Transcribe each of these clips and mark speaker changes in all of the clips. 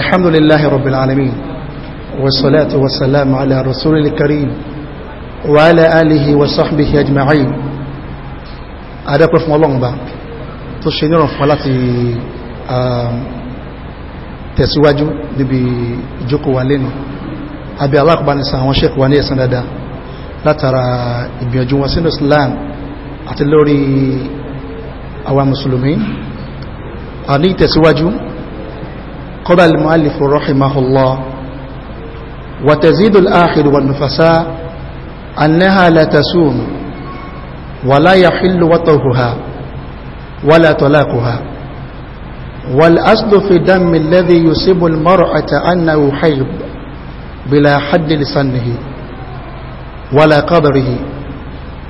Speaker 1: الحمد لله رب العالمين والصلاة والسلام على رسول الكريم وعلى آله وصحبه أجمعين أداكم فún Ọlọ́run ba tó ṣe ní ọ̀fún láti tẹ̀síwájú níbi ìjókòó wa lẹ́nu àbí alákùbánisa àwọn ṣẹ́kù wa ní ẹ̀san dada látara ìgbìyànjú wọn sínú Islam àti lórí àwa mùsùlùmí a ní tẹ̀síwájú قبل المؤلف رحمه الله وتزيد الآخر والنفساء أنها لا تسوم ولا يحل وطهها ولا طلاقها والأصل في الدم الذي يصيب المرأة أنه حيض بلا حد لسنه ولا قدره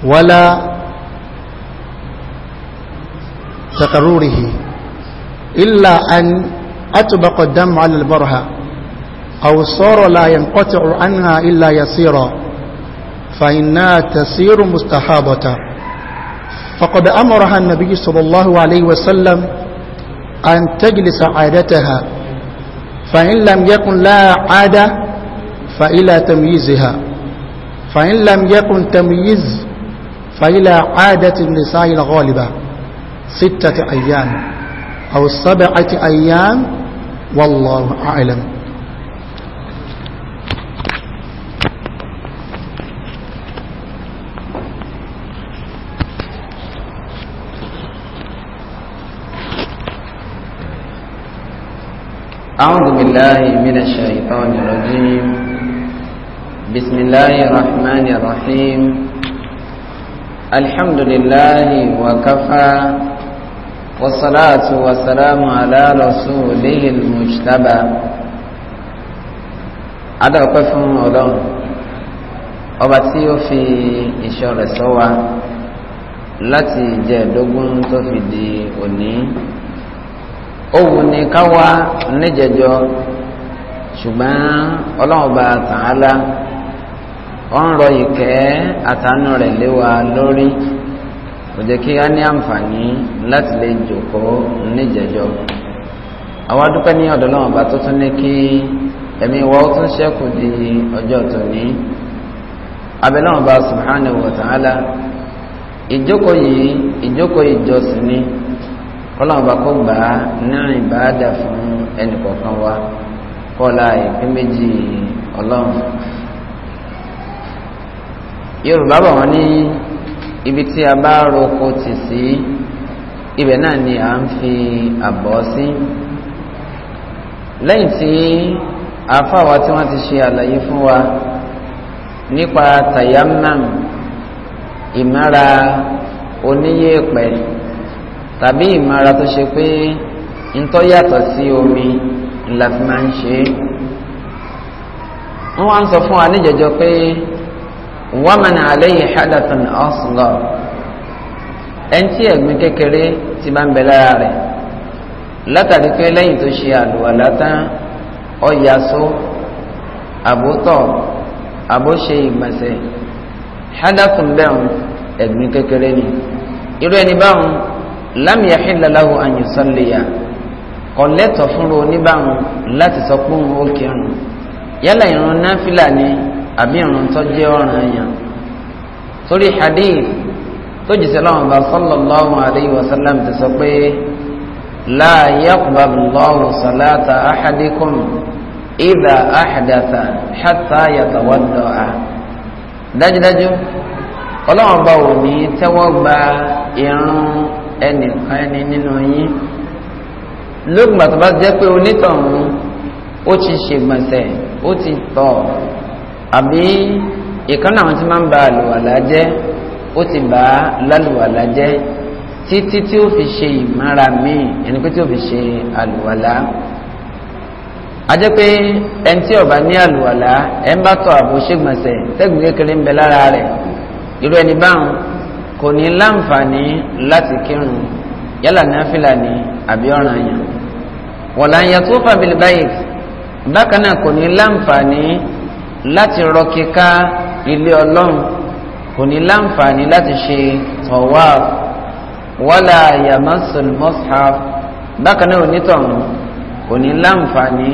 Speaker 1: ولا تقرره إلا أن أطبق الدم على البرهة أو الصور لا ينقطع عنها إلا يسيرا فإنها تسير مستحابة فقد أمرها النبي صلى الله عليه وسلم أن تجلس عادتها فإن لم يكن لها عادة فإلى تمييزها فإن لم يكن تمييز فإلى عادة النساء الغالبة ستة أيام أو سبعة أيام والله أعلم
Speaker 2: أعوذ بالله من الشيطان الرجيم بسم الله الرحمن الرحيم الحمد لله وكفى والصلاة والسلام على رسوله المجتبى adọ́pẹ́ fún ọlọ́run ọba في إشارة سوا ìṣọ́ rẹ̀ sọ wa láti jẹ́ ẹ̀dógún tó fi di òní òwò ni ká wá níjẹjọ ṣùgbọ́n ọlọ́run ọba tààlà ó ń rọ ìkẹ́ àtàánú rẹ̀ lé lórí. kò jẹ́ kí a ní àǹfààní láti lè jòkó níjẹ̀jọ́ àwọn adúpẹ́ ní ọ̀dọ̀ náà bá tó ní kí ẹ̀mí wa ó tún ṣẹ́kù di ọjọ́ tòní abẹ́lẹ́ subhanahu wa ta'ala ìjókòó yìí ìjókòó ìjọsìn ni kọ́lọ́wọ́n kó gbà á ní ìbáàdà fún ẹnì kọ̀ọ̀kan wa kọ́lá ìpín méjì ọlọ́run yorùbá ibi tí a bá roko tì sí ibẹ̀ náà ni à ń fi àbọ̀ sí lẹ́yìn tí àfáwa tí wọ́n ti ṣe àlàyé fún wa nípa tayamam ìmára oníyẹ̀pẹ̀ tàbí ìmára tó ṣe pé ntọ́ yàtọ̀ sí omi la fi máa ń ṣe wọ́n wá ń sọ fún wa níjẹ̀jọ́ pé wọ́n àlẹ́yìn hadathan asla ẹ̀ńtí ẹ̀gbin kékeré ti máa ń bẹ lára rẹ̀ látàrí pé lẹ́yìn tó ṣe àlùwàlá tán ọ̀yàsó àbótọ̀ àbóṣe ìgbọ̀nsẹ̀ hadathun bẹ́ẹ̀ ẹ̀gbin kékeré ni irú ẹni báwọn lam yahilla lahu an yusalliya kọ̀lẹ́tọ̀ fúnra oníbàwọn láti sọ pé òun ó kírun yálà ìrun náfìlà ni àbí ìrun tó jẹ́ ọ̀ranyàn torí hadith tó jìṣẹ́ láwọn bá sallallahu alayhi wa sallam ti sọ pé la yaqbalu Allahu salata ahadikum idha ahdatha hatta yatawadda'a dájúdájú ọlọ́run bá wò ní tẹ́wọ́ gba irun ẹnìkan ẹni nínú yín lóògùn bàtà bá jẹ́ pé onítọ̀hún ó ti ṣègbọ̀nsẹ̀ ó ti tọ̀ àbí ìkànnì àwọn tí máa ń ba àlùwàlá jẹ́ ó ti bá lálùwàlá jẹ́ títí tí ó fi ṣe ìmára míì ẹni pé tí ó fi ṣe àlùwàlá ajẹ́ pé ẹni tí ó bá ní àlùwàlá ẹ̀ ń bá tọ̀ àbò ṣègbọ̀nsẹ̀ tẹ́gùn kékeré ń bẹ lára rẹ̀ irú ẹni báwọn kò ní láǹfààní láti kírun yálà náfìlà ni àbí ọ̀ranyàn wọ̀lá yẹn tó fàbílì báyìí bákan náà kò ní láǹfààní láti rọ kíká ilé ọlọ́run kò ní láǹfààní láti ṣe tawaf wala yamasul mushaf bákan náà onítọ̀hún kò ní láǹfààní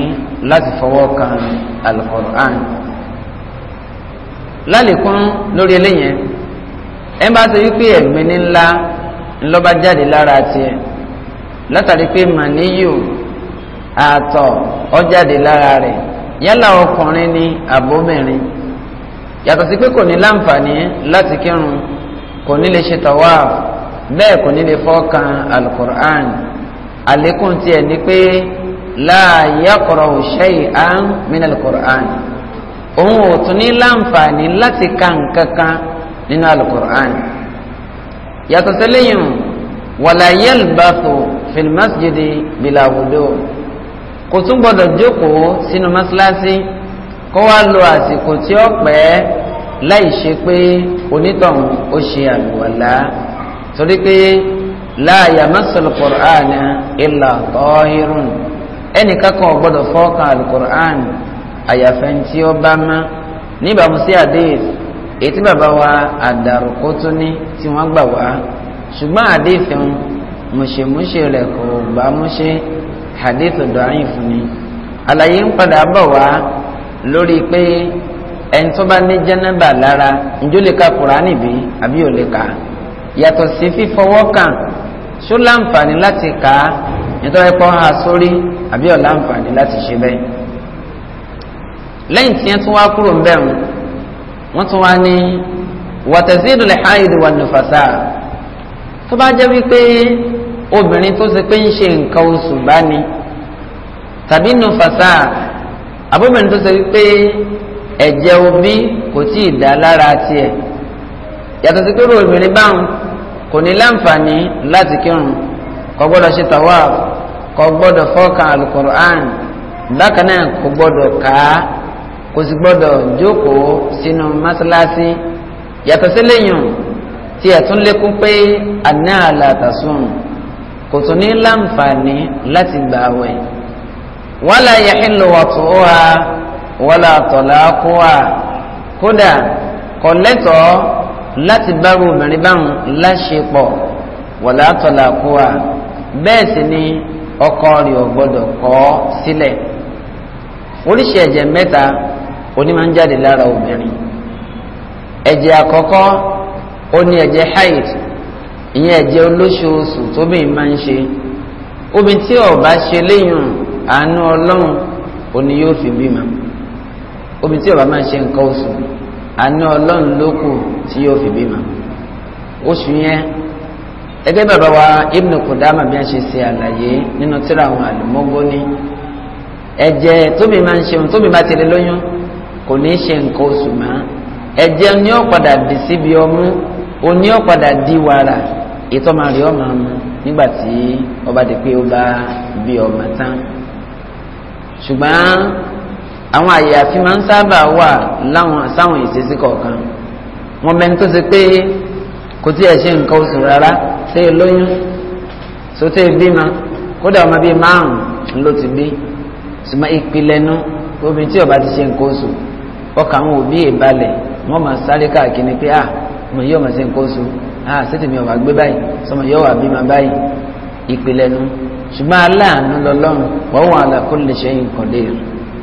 Speaker 2: láti fọwọ́ kan al-Qur'an lálẹ́kún lórí eléyẹn ẹ bá ṣe wípé ẹ̀gbin ní ńlá ńlọ́ba jáde lára tiẹ̀ látàrí pé màníyù àtọ̀ ọ jáde lára rẹ̀ yálà ọkùnrin ni àbómìnrin yàtọ̀ sí pé kò ní láǹfààní láti kírun kò ní lè ṣe tawaf bẹ́ẹ̀ kò ní lè fọ́ọ̀kan alukur'an àlékún tiẹ̀ ni pé la yakrahu shay'an min alukur'an òun ò tún ní láǹfààní láti ka nǹkan kan nínú alukur'an yàtọ̀ sẹ́lẹ̀yìn wala yalbathu fil masjidi bila kò tún gbọdọ̀ jókòó sínú mọ́ṣáláṣí kó wá lo àsìkò tí ó pẹ́ láì ṣe pé onítọ̀hún ó ṣe àlùwàlá torí pé la yamassul qur'ana illa tahirun ẹnìkan kan ò gbọdọ̀ fọ́ọ̀kan alukur'an àyàfẹ́ tí ó bá má níbàámu sí hadith èyí tí bàbá wa Ad-Daraqutni tí wọ́n gbà wá ṣùgbọ́n hadith ń rẹ̀ kò bá múṣe hadith da'if ni àlàyé ń padà bọ̀ wá lórí pé ẹni tó bá ní jẹ́nẹ́bà lára ǹjọ́ lè ka kùránì bí àbí ò lè kà á yàtọ̀ sí fífọwọ́ kàn ṣó láǹfààní láti kà á nítorí pé wọ́n sórí àbí ò láǹfààní láti ṣe bẹ́ẹ̀. lẹ́yìn tí wọ́n tún wá kúrò ń bẹ̀rù wọ́n tún wá ní wàtẹ̀sídùlẹ̀ háìdì wà nùfàṣà tó bá jẹ́ wípé obìnrin tó ṣe pé ń ṣe nǹkan oṣù bá ní tàbí nù fàṣà abóbìnrin tó ṣe pé ẹ̀jẹ̀ omi kò tí ì dá lára tiẹ̀ yàtọ̀ sí pé obìnrin báwọn kò ní láǹfààní láti kírun kò gbọ́dọ̀ ṣe tawaf kò gbọ́dọ̀ fọ́ọ̀kan alukur'an bákan náà kò gbọ́dọ̀ kà á kò sì gbọ́dọ̀ jókòó sínú mọ́sálásí yàtọ̀ sí lẹ́yìn tí ẹ̀tún lékún pé àná àlàtà sùn. kò tún ní láti gbà wẹ̀ wala yahillu wat'uha wala talaquha kódà kò láti bárò obìnrin láṣepọ̀ wala talaquha bẹ́ẹ̀ sì ni ọkọ rẹ̀ ò gbọ́dọ̀ kọ̀ ọ́ sílẹ̀ oríṣi ẹ̀jẹ̀ mẹ́ta oní máa jáde lára obìnrin ẹ̀jẹ̀ àkọ́kọ́ ìyẹn ẹ̀jẹ̀ olóṣooṣù tóbìnrin máa ń ṣe obìnrin tí ó bá ṣe léyìn àánú ọlọ́run òní yóò fi bímọ obìnrin tí ó bá máa ṣe nǹkan oṣù àánú ọlọ́run ló kù tí yóò fi bímọ oṣù yẹn gẹ́gẹ́ bàbá wa Ibn Qudama bí a ṣe ṣe àlàyé nínú tírà àwọn àlùmọ́gbóní ẹ̀jẹ̀ tóbìnrin máa ń ṣe ohun tóbìnrin bá ti lè lóyún kò ní í ṣe nǹkan oṣù mọ́ ẹ̀jẹ̀ ni ó padà dì síbi ọmú òní ó di wàrà ètò ọmọ rẹ ọmọ ọmọ nígbà tí ọba ti pé ó bá bí ọmọ tán ṣùgbọ́n àwọn àyàfi máa ń sábà wà láwọn sáwọn ìṣesí kọ̀ọ̀kan wọn bẹni tó ṣe pé kò tí ẹ ṣe nǹkan oṣù rárá ṣe é lóyún sóté bímọ kódà ọmọ bíi márùn-ún ló ti bí ṣùgbọ́n ìpìlẹ̀ nu obìnrin tí ọba ti ṣe nǹkan oṣù ọkàn àwọn òbí ìbalẹ̀ wọn máa sáré káàkiri pé à mo yí ọmọ ṣe nǹkan oṣù ah sẹ́tẹ̀mí ọ̀wà gbé báyìí sọmọ yóò wà bímọ báyìí ìpìlẹ̀ nu ṣùgbọ́n aláàánú lọ́lọ́run wọ́n wà ala kulli shay'in qadir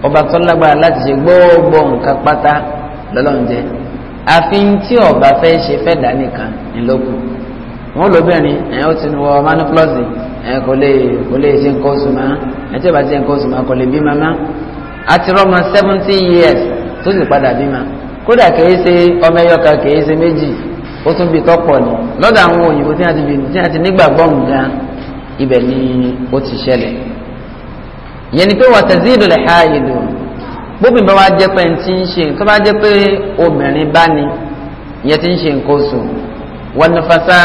Speaker 2: ọba tó lágbára láti ṣe gbogbo nǹkan pátá lọ́lọ́run jẹ́ àfin tí ọba fẹ́ ṣe fẹ́ dá nìkan ńlọ́kù wọn lóbìnrin ẹ̀yìn ó ti wọ manipulọ́sì ẹ̀ kò lè kò lè ṣe nǹkan oṣù máa ẹ̀ tí ò bá ṣe nǹkan oṣù máa kò lè bí mama àti rọ́mọ seventy years tó sì padà bí ma kódà kìí ṣe ọmọ ẹyọkà kìí ṣe méjì ó tún bí tọ́pọ̀ ni lọ́dọ̀ àwọn òyìnbó tí wọ́n ti bí tí wọ́n ti nígbàgbọ́ nǹkan ibẹ̀ ni ó ti ṣẹlẹ̀ ìyẹn ni pé wà tazidu lè ha ìlú bóbi bá wá jẹ́ pé ń ti ń ṣe tó bá jẹ́ pé obìnrin bá ni ìyẹn ti ń ṣe nǹkan oṣù wọn ni fasa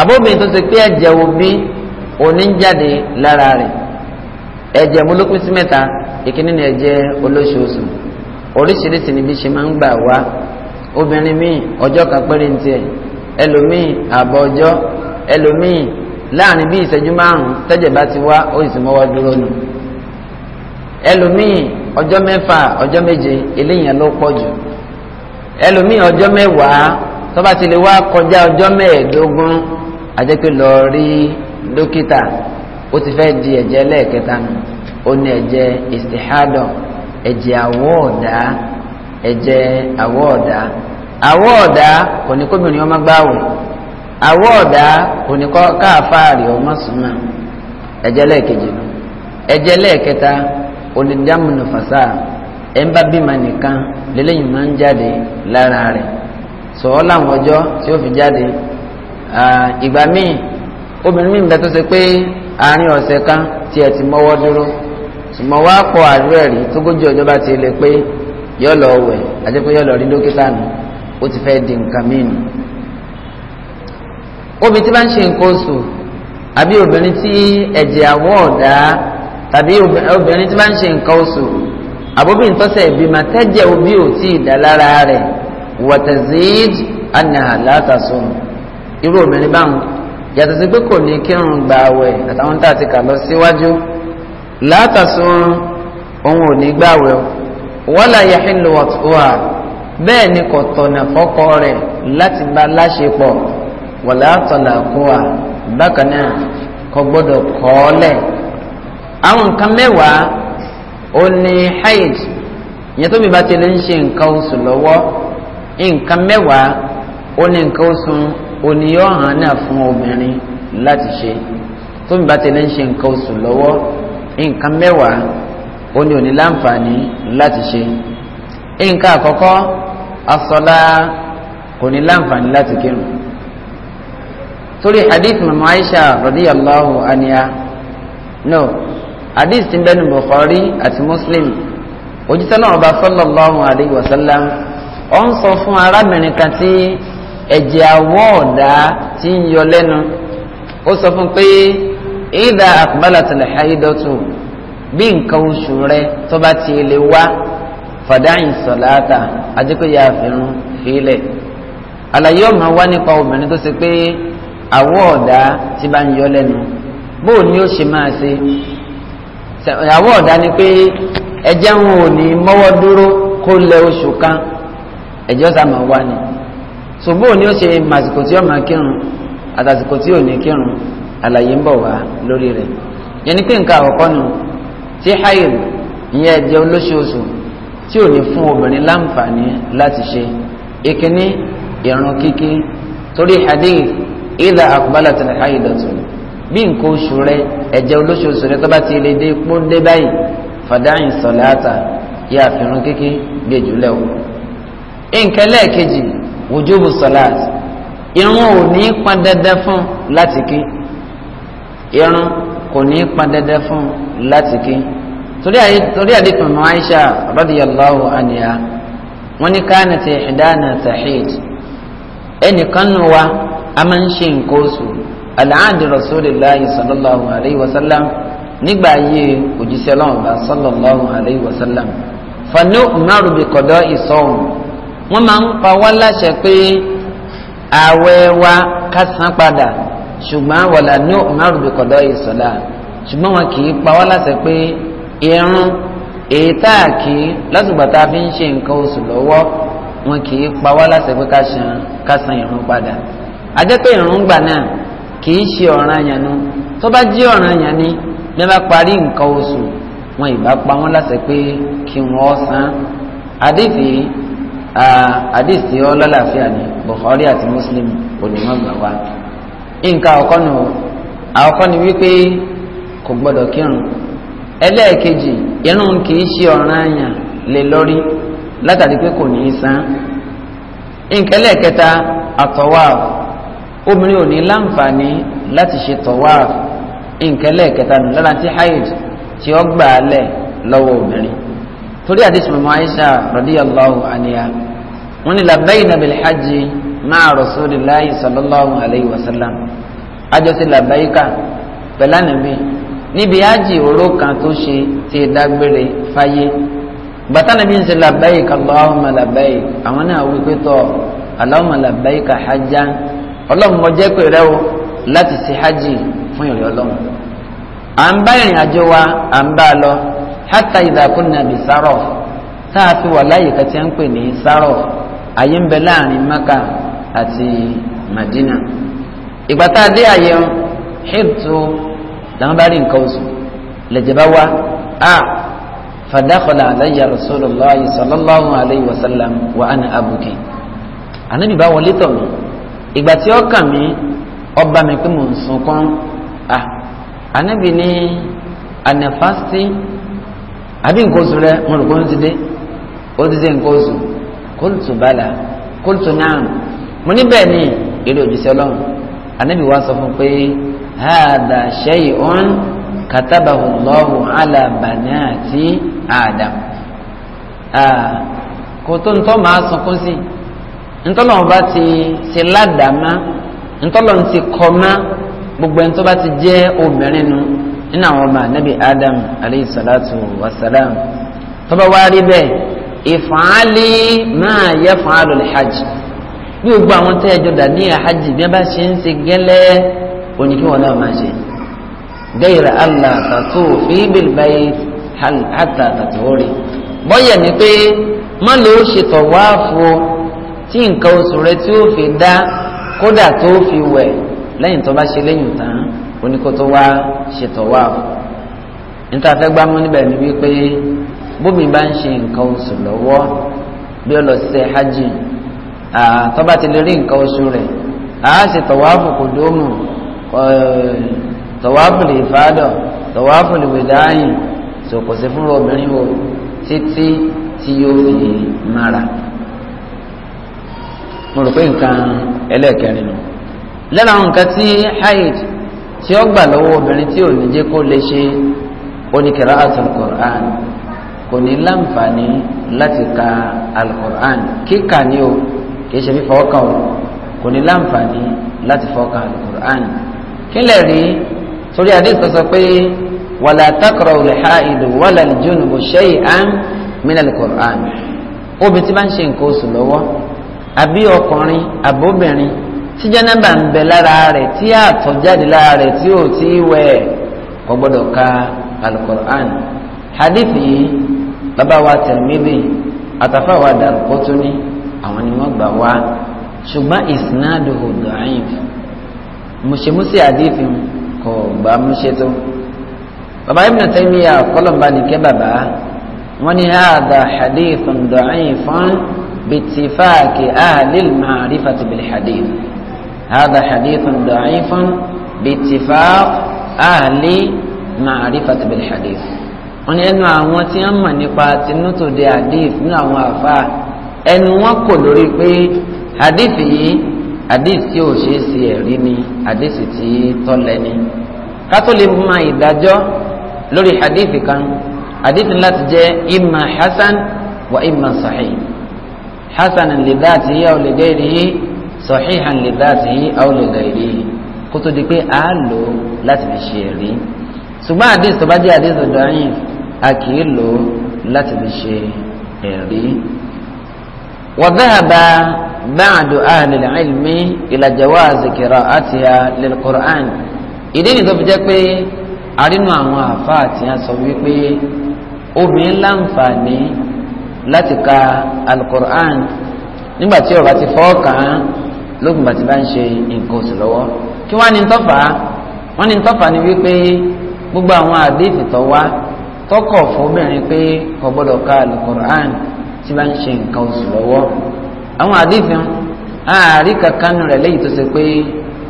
Speaker 2: abóbìnrin tó ṣe pé ẹ̀jẹ̀ omi oníjáde lára rẹ̀ ẹ̀jẹ̀ múlòpín sí mẹ́ta ìkíní ni ẹ̀jẹ̀ olóṣooṣù oríṣiríṣi níbi ṣe máa ń gbà wá obìnrin míì ọjọ́ kan péré ń tiẹ̀ ẹlòmíì àbọ̀ ọjọ́ ẹlòmíì láàrin bí ìṣẹ́jú márùn-ún tẹ́jẹ̀ bá ti wá ó sì mọ́wọ́ dúró nù ẹlòmíì ọjọ́ mẹ́fà ọjọ́ méje eléyìí ló pọ̀ jù ẹlòmíì ọjọ́ mẹ́wàá tó ti lè wá kọjá ọjọ́ mẹ́ẹ̀ẹ́dógún àjẹpẹ́ lọ rí dókítà ó ti fẹ́ di ẹ̀jẹ̀ lẹ́ẹ̀kẹta nù ó ní ẹ̀jẹ̀ ìsìhádọ̀ ẹ̀jẹ̀ àwọ̀ ọ̀dà ẹjẹ àwọ̀ ọ̀dà àwọ̀ ọ̀dà kò ní kóbìnrin ọmọ gbáwẹ̀ àwọ̀ ọ̀dà kò ní káàfáàrí ọmọ súnmọ́ ẹjẹ lẹ́ẹ̀kejì nù ẹjẹ lẹ́ẹ̀kẹta olùdámùnú fàṣà eketa bímọ nìkan lélẹ́yìn máa ń jáde lára rẹ̀ sọ̀ọ́ láwọn ọjọ́ tí ó fi jáde ìgbà míì obìnrin míì bẹ tó ṣe pé àárín ọ̀sẹ̀ kan tí ẹ ti mọ́wọ́ dúró ṣùgbọ́n wàá pọ̀ àdúrà rí tógójì ọjọ́ bá ti yóò lọ wẹ̀ àti pé yóò lọ rí dókítà nù ó ti fẹ́ di nǹkan míì nù. omi tí bá ń ṣe nǹkan oṣù àbí obìnrin tí ẹ̀jẹ̀ àwọ̀ ọ̀dá tàbí obìnrin tí bá ń ṣe nǹkan oṣù àbóbí ìtọ́sẹ̀ ìbímọ tẹ́jẹ̀ obi ò tí ì dá rẹ̀ wọ̀tẹ̀zíd anaha látàsùn irú obìnrin báwọn yàtọ̀ sí pé kò ní kírun gba àwẹ̀ àtàwọn tá a ti kà lọ síwájú látàsùn òun ò ní gbàwẹ̀ o. wala yahillu wàtúwà bẹ́ẹ̀ ni kò tọ̀nà fọ́kọ rẹ̀ láti bá láṣepọ̀ wala talaquha bákan náà kò gbọ́dọ̀ kọ̀ ọ́ lẹ̀ àwọn nǹkan mẹ́wàá ó ní haid ya tóbi bá ti lè ń ṣe nǹkan oṣù lọ́wọ́ nǹkan mẹ́wàá ó ní nǹkan oṣù oníyọ̀hán náà fún obìnrin láti ṣe tóbi bá ti lè ń ṣe ó ní òní láǹfààní láti ṣe nǹkan àkọ́kọ́ asọ́lá kò ní láǹfààní láti hadith mama aisha radiyallahu anha no hadith tí ń bẹ́nu bukhari àti muslim òjíṣẹ́ náà ọba sallallahu alayhi wa sallam ó ń sọ fún arábìnrin kan tí ẹ̀jẹ̀ àwọ̀ ọ̀dà ti ń yọ lẹ́nu ó sọ fún pé ìdá aqbalatil haidatu bí nǹkan oṣù rẹ tó bá ti lè wá fàdáyìn sọ̀láàtà adékòyà àfihàn fílẹ̀ àlàyé ọ̀mà wá nípa obìnrin tó ṣe pé àwọ̀ ọ̀dà ti bá ń yọ lẹ́nu bó ni ó ṣe máa ṣe àwọ̀ ọ̀dà ni pé ẹjẹ́ wọn ò ní mọ́wọ́ dúró kó lẹ oṣù kan ẹjọ́ sàmà wá ni so bó ni ó ṣe màsìkò tí ó kírun àtàsìkò tí ò ní kírun àlàyé ń bọ̀ wá lórí rẹ̀ yẹn ni pé nǹkan àkọ́kọ́ nù tí haid ìyẹn ẹ̀jẹ̀ olóṣooṣù tí ò ní fún obìnrin láǹfààní láti ṣe ìkíní ìrun kíkí torí hadith idha aqbalat al-haidatu bí nǹkan oṣù rẹ ẹ̀jẹ̀ olóṣooṣù rẹ tó bá ti lè dé pọ́ dé báyìí fàdáyìn sọ̀láàtà yà fìrun kíkí gbèjú lẹ́wọ̀. nǹkan lẹ́ẹ̀kejì wùjúbù sọ̀láàtì irun ò ní pọn dandan fún láti kí irun kò ní í pa dandan fún láti kí torí àdìpọ̀ mọ́ Aisha radiyallahu anha wọ́n ní káàna ti ìdáná sahid ẹnìkan nù wa a máa ń ṣe nǹkan oṣù alaadi rasulillahi sallallahu alayhi wa sallam nígbà ayé òjíṣẹ́ ọlọ́run bá sallallahu alayhi wa sallam fani umaru bi kọ́dọ̀ ìsọ̀hún wọ́n máa ń pa wá láṣẹ pé ààwẹ̀ wa ká padà ṣùgbọ́n wàlà ní umaru bí kọ̀dọ̀ ìsọ̀lá ṣùgbọ́n wọn kì í pa wá láṣẹ pé irun ètà kì í lásìgbà tá a fi ń ṣe nǹkan oṣù lọ́wọ́ wọn kì í pa wá láṣẹ pé ká san irun padà àjẹpẹ́ irun gbà náà kì í ṣe ọ̀ranyàn nu tó bá jí ọ̀ranyàn ni bí wọ́n bá parí nǹkan oṣù wọn ìbá pa wọ́n láṣẹ pé kí wọ́n san àdìsí àdìsí ọlọ́láfíà ni Bukhari àti Muslim onímọ̀ gbà wá. nǹkan àkọ́kọ́ nù àkọ́kọ́ ni wípé kò gbọ́dọ̀ kírun ẹlẹ́ẹ̀kejì irun kì í ṣe ọ̀ranyàn lé lórí látàrí pé kò ní í san nǹkan ẹlẹ́ẹ̀kẹta àtọ̀wáf obìnrin ò ní láǹfààní láti ṣe tọ̀wáf nǹkan ẹlẹ́ẹ̀kẹta nù lára tí haid tí ó gbà á lẹ̀ obìnrin torí àdìsí Aisha radiyallahu máa rasulillahi sallallahu alayhi wa sallam ajọsí làbáyíká pẹ̀lú ànàbí níbi ájì òró kan tó ṣe ti dágbére fáyé bàtà nàbí ń ṣe làbáyíká allahumma làbáyík àwọn náà wí pé tọ́ allahumma làbáyíká hajjá ọlọ́run mo jẹ́ pé rẹ́ o láti ṣe hajj fún ìrìn ọlọ́run à ń bá ìrìn àjò wa à ń bá a lọ hatta idha kunna bi tá a fi wà láyé kẹtì à ń pè ní Saraf àyè ń bẹ láàrin Maka àti Madina ìgbà tá a dé àyè ń hìtò làwọn bá rí nǹkan oṣù lẹ́jẹ̀ bá wá a fàdákọ̀lá aláyà rasulullah sallallahu alayhi wa sallam wa ana abuki ànábì bá wọlé tọ̀ mí ìgbà tí ó kàn mí ọba mi pé mò ń sunkún a ànábì ní ana àbí nǹkan oṣù rẹ mo rò pé ó ti dé ó ti dé nǹkan oṣù kóòtù bala kóòtù náà mo níbẹ̀ ni eré òjíṣẹ́ ọlọ́run anábì wa sọ fún pé hàdà shay'un katabahu Allahu ala banati Adam kò tó ntọ́ máa sunkún sí ntọ́lọ́ ọba ti ṣe ládàámá ntọ́lọ́ ti kọ́má gbogbo ẹni tó bá ti jẹ́ obìnrin nu nínú àwọn ọmọ anabi Adam alayhi salatu wa salam tọ́ba wá rí bẹ́ẹ̀ ìfàálì máa yẹ fàálù lè hajj bí gbogbo àwọn tẹ́ ẹjọ́ dà ní àhájì bí wọ́n bá ṣe ń ṣe gẹ́lẹ́ òní kí wọ́n náà máa ṣe. gẹ́yìrà allah tàtó fíbìl báyìí hàtà tàtó rè bọ́yẹ̀ ni pé má ló ṣètò wáàfo tí nǹkan oṣù rẹ tí ó fi dá kódà tó fi wẹ̀ lẹ́yìn tó bá ṣe lẹ́yìn tán òní wá ṣètò wáàfo. níta fẹ́ gbámú níbẹ̀ ni wípé bómi bá ń ṣe nǹkan oṣù lọ́wọ́ bí ó lọ sí hajj tọ́ba ti lè rí nǹkan oṣù rẹ̀ a ṣe tọ̀wáfù kò dómù tọ̀wáfù lè fàdọ̀ tọ̀wáfù lè wẹ̀dáyìn tó kò sí fún obìnrin wo títí tí yóò fi mara mo rò pé nǹkan ẹlẹ́ẹ̀kẹrin nù lẹ́nu àwọn nǹkan tí haid tí ó gbà lọ́wọ́ obìnrin tí ò ní jẹ́ kó lè ṣe oníkẹ̀rẹ́ al-Qur'an kò ní láǹfààní láti ka al-Qur'an kíkà ni o kìí ṣe fífọ ọkàn o kò ní láǹfààní láti fọkàn alukur'an kílẹ̀ rí torí àdéhùn tó sọ pé wàlá takọrọ olùhà ìlú wàlá ìjóni bò ṣe àn mílẹ̀ alukur'an obì tí bá ń ṣe nǹkan oṣù lọ́wọ́ àbí ọkùnrin àbóbìnrin tí jẹ́nẹ́bà ń bẹ lára rẹ̀ tí àtọ̀jáde lára rẹ̀ tí ò tí wẹ̀ kò gbọ́dọ̀ ka alukur'an hadith yìí bàbá wa Tirmidhi àtàfà wa Daraqutni àwọn ni wọ́n gbà wá ṣùgbọ́n isnaduhu da'if mùsèmùsè àdéhùn kò gbà múṣe tó bàbá Ibn Taymiyyah kọ́lọ̀mbà nìkẹ́ bàbá wọ́n ní hadha hadithun da'ifun bittifaqi ahlil ma'rifati bil hadith hadha hadithun da'ifun bittifaq ahli ma'rifati bil hadith wọ́n ní ẹnu àwọn tí wọ́n mọ̀ nípa tinútòde àdéhùn nínú àwọn àfáà ẹnu wọn kò lórí pé hadith yìí hadith tí ò ṣeé ṣe ẹ̀rí ni hadith tí tọ́lẹ̀ ni kátó lè máa ìdájọ́ lórí hadith kan hadith láti jẹ́ imma hasan wa imma sahih hasan li dhatihi aw li ghayrihi sahihan li dhatihi aw li ghayrihi kó tó di pé a lò láti fi ṣe ẹ̀rí ṣùgbọ́n hadith tó bá jẹ́ hadith da'if a kì í lò láti fi ṣe ẹ̀rí. وذهب بعد أهل العلم إلى جواز قراءتها للقرآن ìdí ni tó fi jẹ́ pé àrínú àwọn àáfàá tí a sọ wípé obìnrin láǹfààní láti ka alukur'an nígbà tí ó bá ti fọ́ọ̀kàn án lókùn bá ti bá ń ṣe nǹkan oṣù lọ́wọ́ kí wọ́n á ní tọ́fà wọ́n ní tọ́fà ni wípé gbogbo àwọn àdéhìí tó wá tọkọ̀ fún obìnrin pé kò gbọ́dọ̀ ka alukur'an tí bá ń ṣe nǹkan oṣù lọ́wọ́ àwọn àdìfín ààrí kankan rẹ̀ léyìí tó ṣe pé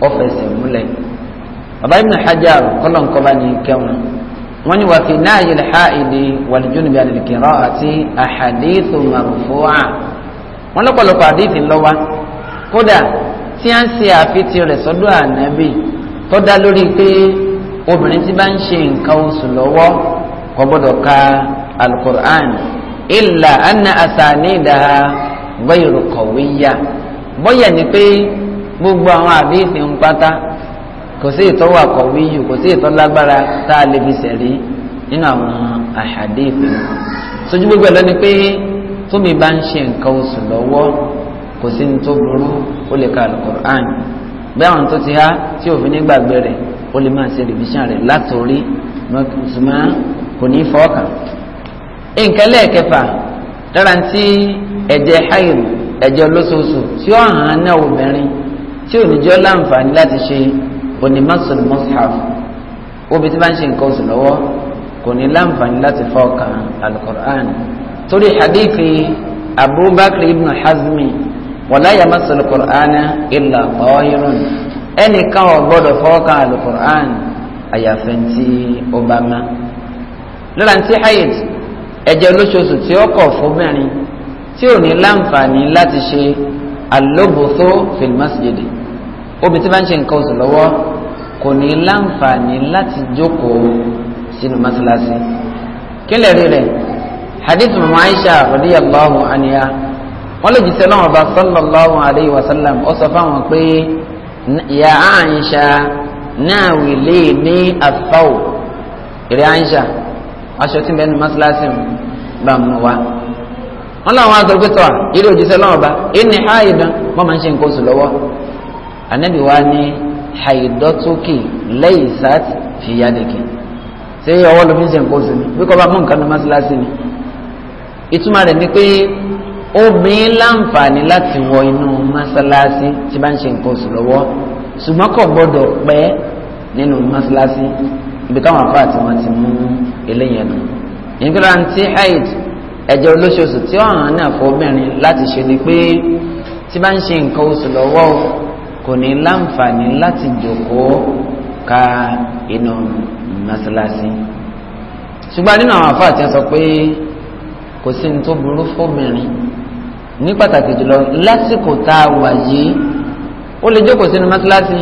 Speaker 2: ó fẹsẹ̀ múlẹ̀ bàbá ibn Hajar kọ́lọ́nkọ́ba ní kẹwọn wọ́n ní wàá fi náàyè lẹ́hàìdì wàlíjúnibí àlèkìrọ́ àti àhàdìtò màrúfúà wọ́n lọ́pọ̀lọpọ̀ àdìfín lọ́wọ́ kódà tí a ń ṣe àfitì rẹ̀ sọ́dọ̀ ànábì tó dá lórí pé obìnrin tí bá ń ṣe nǹkan oṣù lọ́wọ́ kò gbọ́dọ̀ ka alukur'an illa ana asanidaha ghayru qawiyya bóyá ni pé gbogbo àwọn àdéhìí ń pátá kò sí ìtọ́wọ́ àkọ̀wéyù kò sí ìtọ́ lágbára tá a lè fi sẹ̀rí nínú àwọn àhàdéhìí sojú gbogbo ẹ̀ lọ́ni pé tómi bá ń ṣe nǹkan oṣù lọ́wọ́ kò sí ní tó burú ó lè ka alukur'an bí àwọn tó ti há tí òfin rẹ̀ ó lè máa ṣe rìbíṣàn nǹkan lẹ́ẹ̀kẹfà lára tí ẹ̀jẹ̀ haid ẹ̀jẹ̀ olóṣooṣù tí ó hàn náà obìnrin tí ò ní jọ láǹfààní láti ṣe onímọ̀sùn mọ́sáf obì tí bá ń ṣe nǹkan oṣù lọ́wọ́ kò ní láǹfààní láti fọ́ ọkàn alukur'an torí hadithi abubakar ibn hazmi wala yamassu alukur'an illa tahirun ẹnìkan ò fọ́ ọkàn alukur'an àyàfẹ́ tí ó lọ́la ti haid ẹ̀jẹ̀ olóṣooṣù tí ó kọ̀ fún mẹ́rin tí ò ní láǹfààní láti ṣe alóbòtó fìlímọ́sìdìdì obi tí bá ń ṣe nǹkan oṣù lọ́wọ́ kò ní láǹfààní láti jókòó sínú mọ́sálásí kílẹ̀ rí rẹ̀ hadith mama aisha radiyallahu anha wọ́n lè jí sẹ́lọ́wọ́n ọba sallallahu alayhi wa sallam ó sọ fáwọn pé ya aisha náà wì ní afaw ìrẹ́ aisha aṣọ tí bẹ́ẹ̀ ní mu bá mú wa wọn làwọn aṣọ pé tọ́ ilé òjíṣẹ́ lọ́wọ́ bá ẹni àìdán wọ́n máa ń ṣe nǹkan oṣù lọ́wọ́ ànábì wa ní àìdọ́tókè lẹ́yìn sat fìyàdèkè ṣé ọwọ́ ló fi ń ṣe nǹkan oṣù ni bí kò bá mú nǹkan ní mọ́ṣáláṣí ni ìtumọ̀ rẹ̀ ni pé obìnrin láǹfààní láti wọ inú mọ́ṣáláṣí tí bá ń ṣe nǹkan oṣù lọ́wọ́ ṣùgbọ́n kò gbọ́dọ̀ pẹ́ nínú mọ́ṣáláṣí ibi káwọn afáàtì wọn ti mú eléyìí ẹnu nígbà tí haid ẹ̀jẹ̀ olóṣooṣù tí ó hàn náà fọ́bìnrin láti ṣe ni pé tí bá ń ṣe nǹkan oṣù lọ́wọ́ kò ní láǹfààní láti jókòó ka inú mọ́ṣáláṣí ṣùgbọ́n nínú àwọn àfáà tí wọ́n sọ pé kò sí ní tó burú fọ́bìnrin ní pàtàkì jùlọ lásìkò tá a wà yìí ó lè jókòó sínú mọ́ṣáláṣí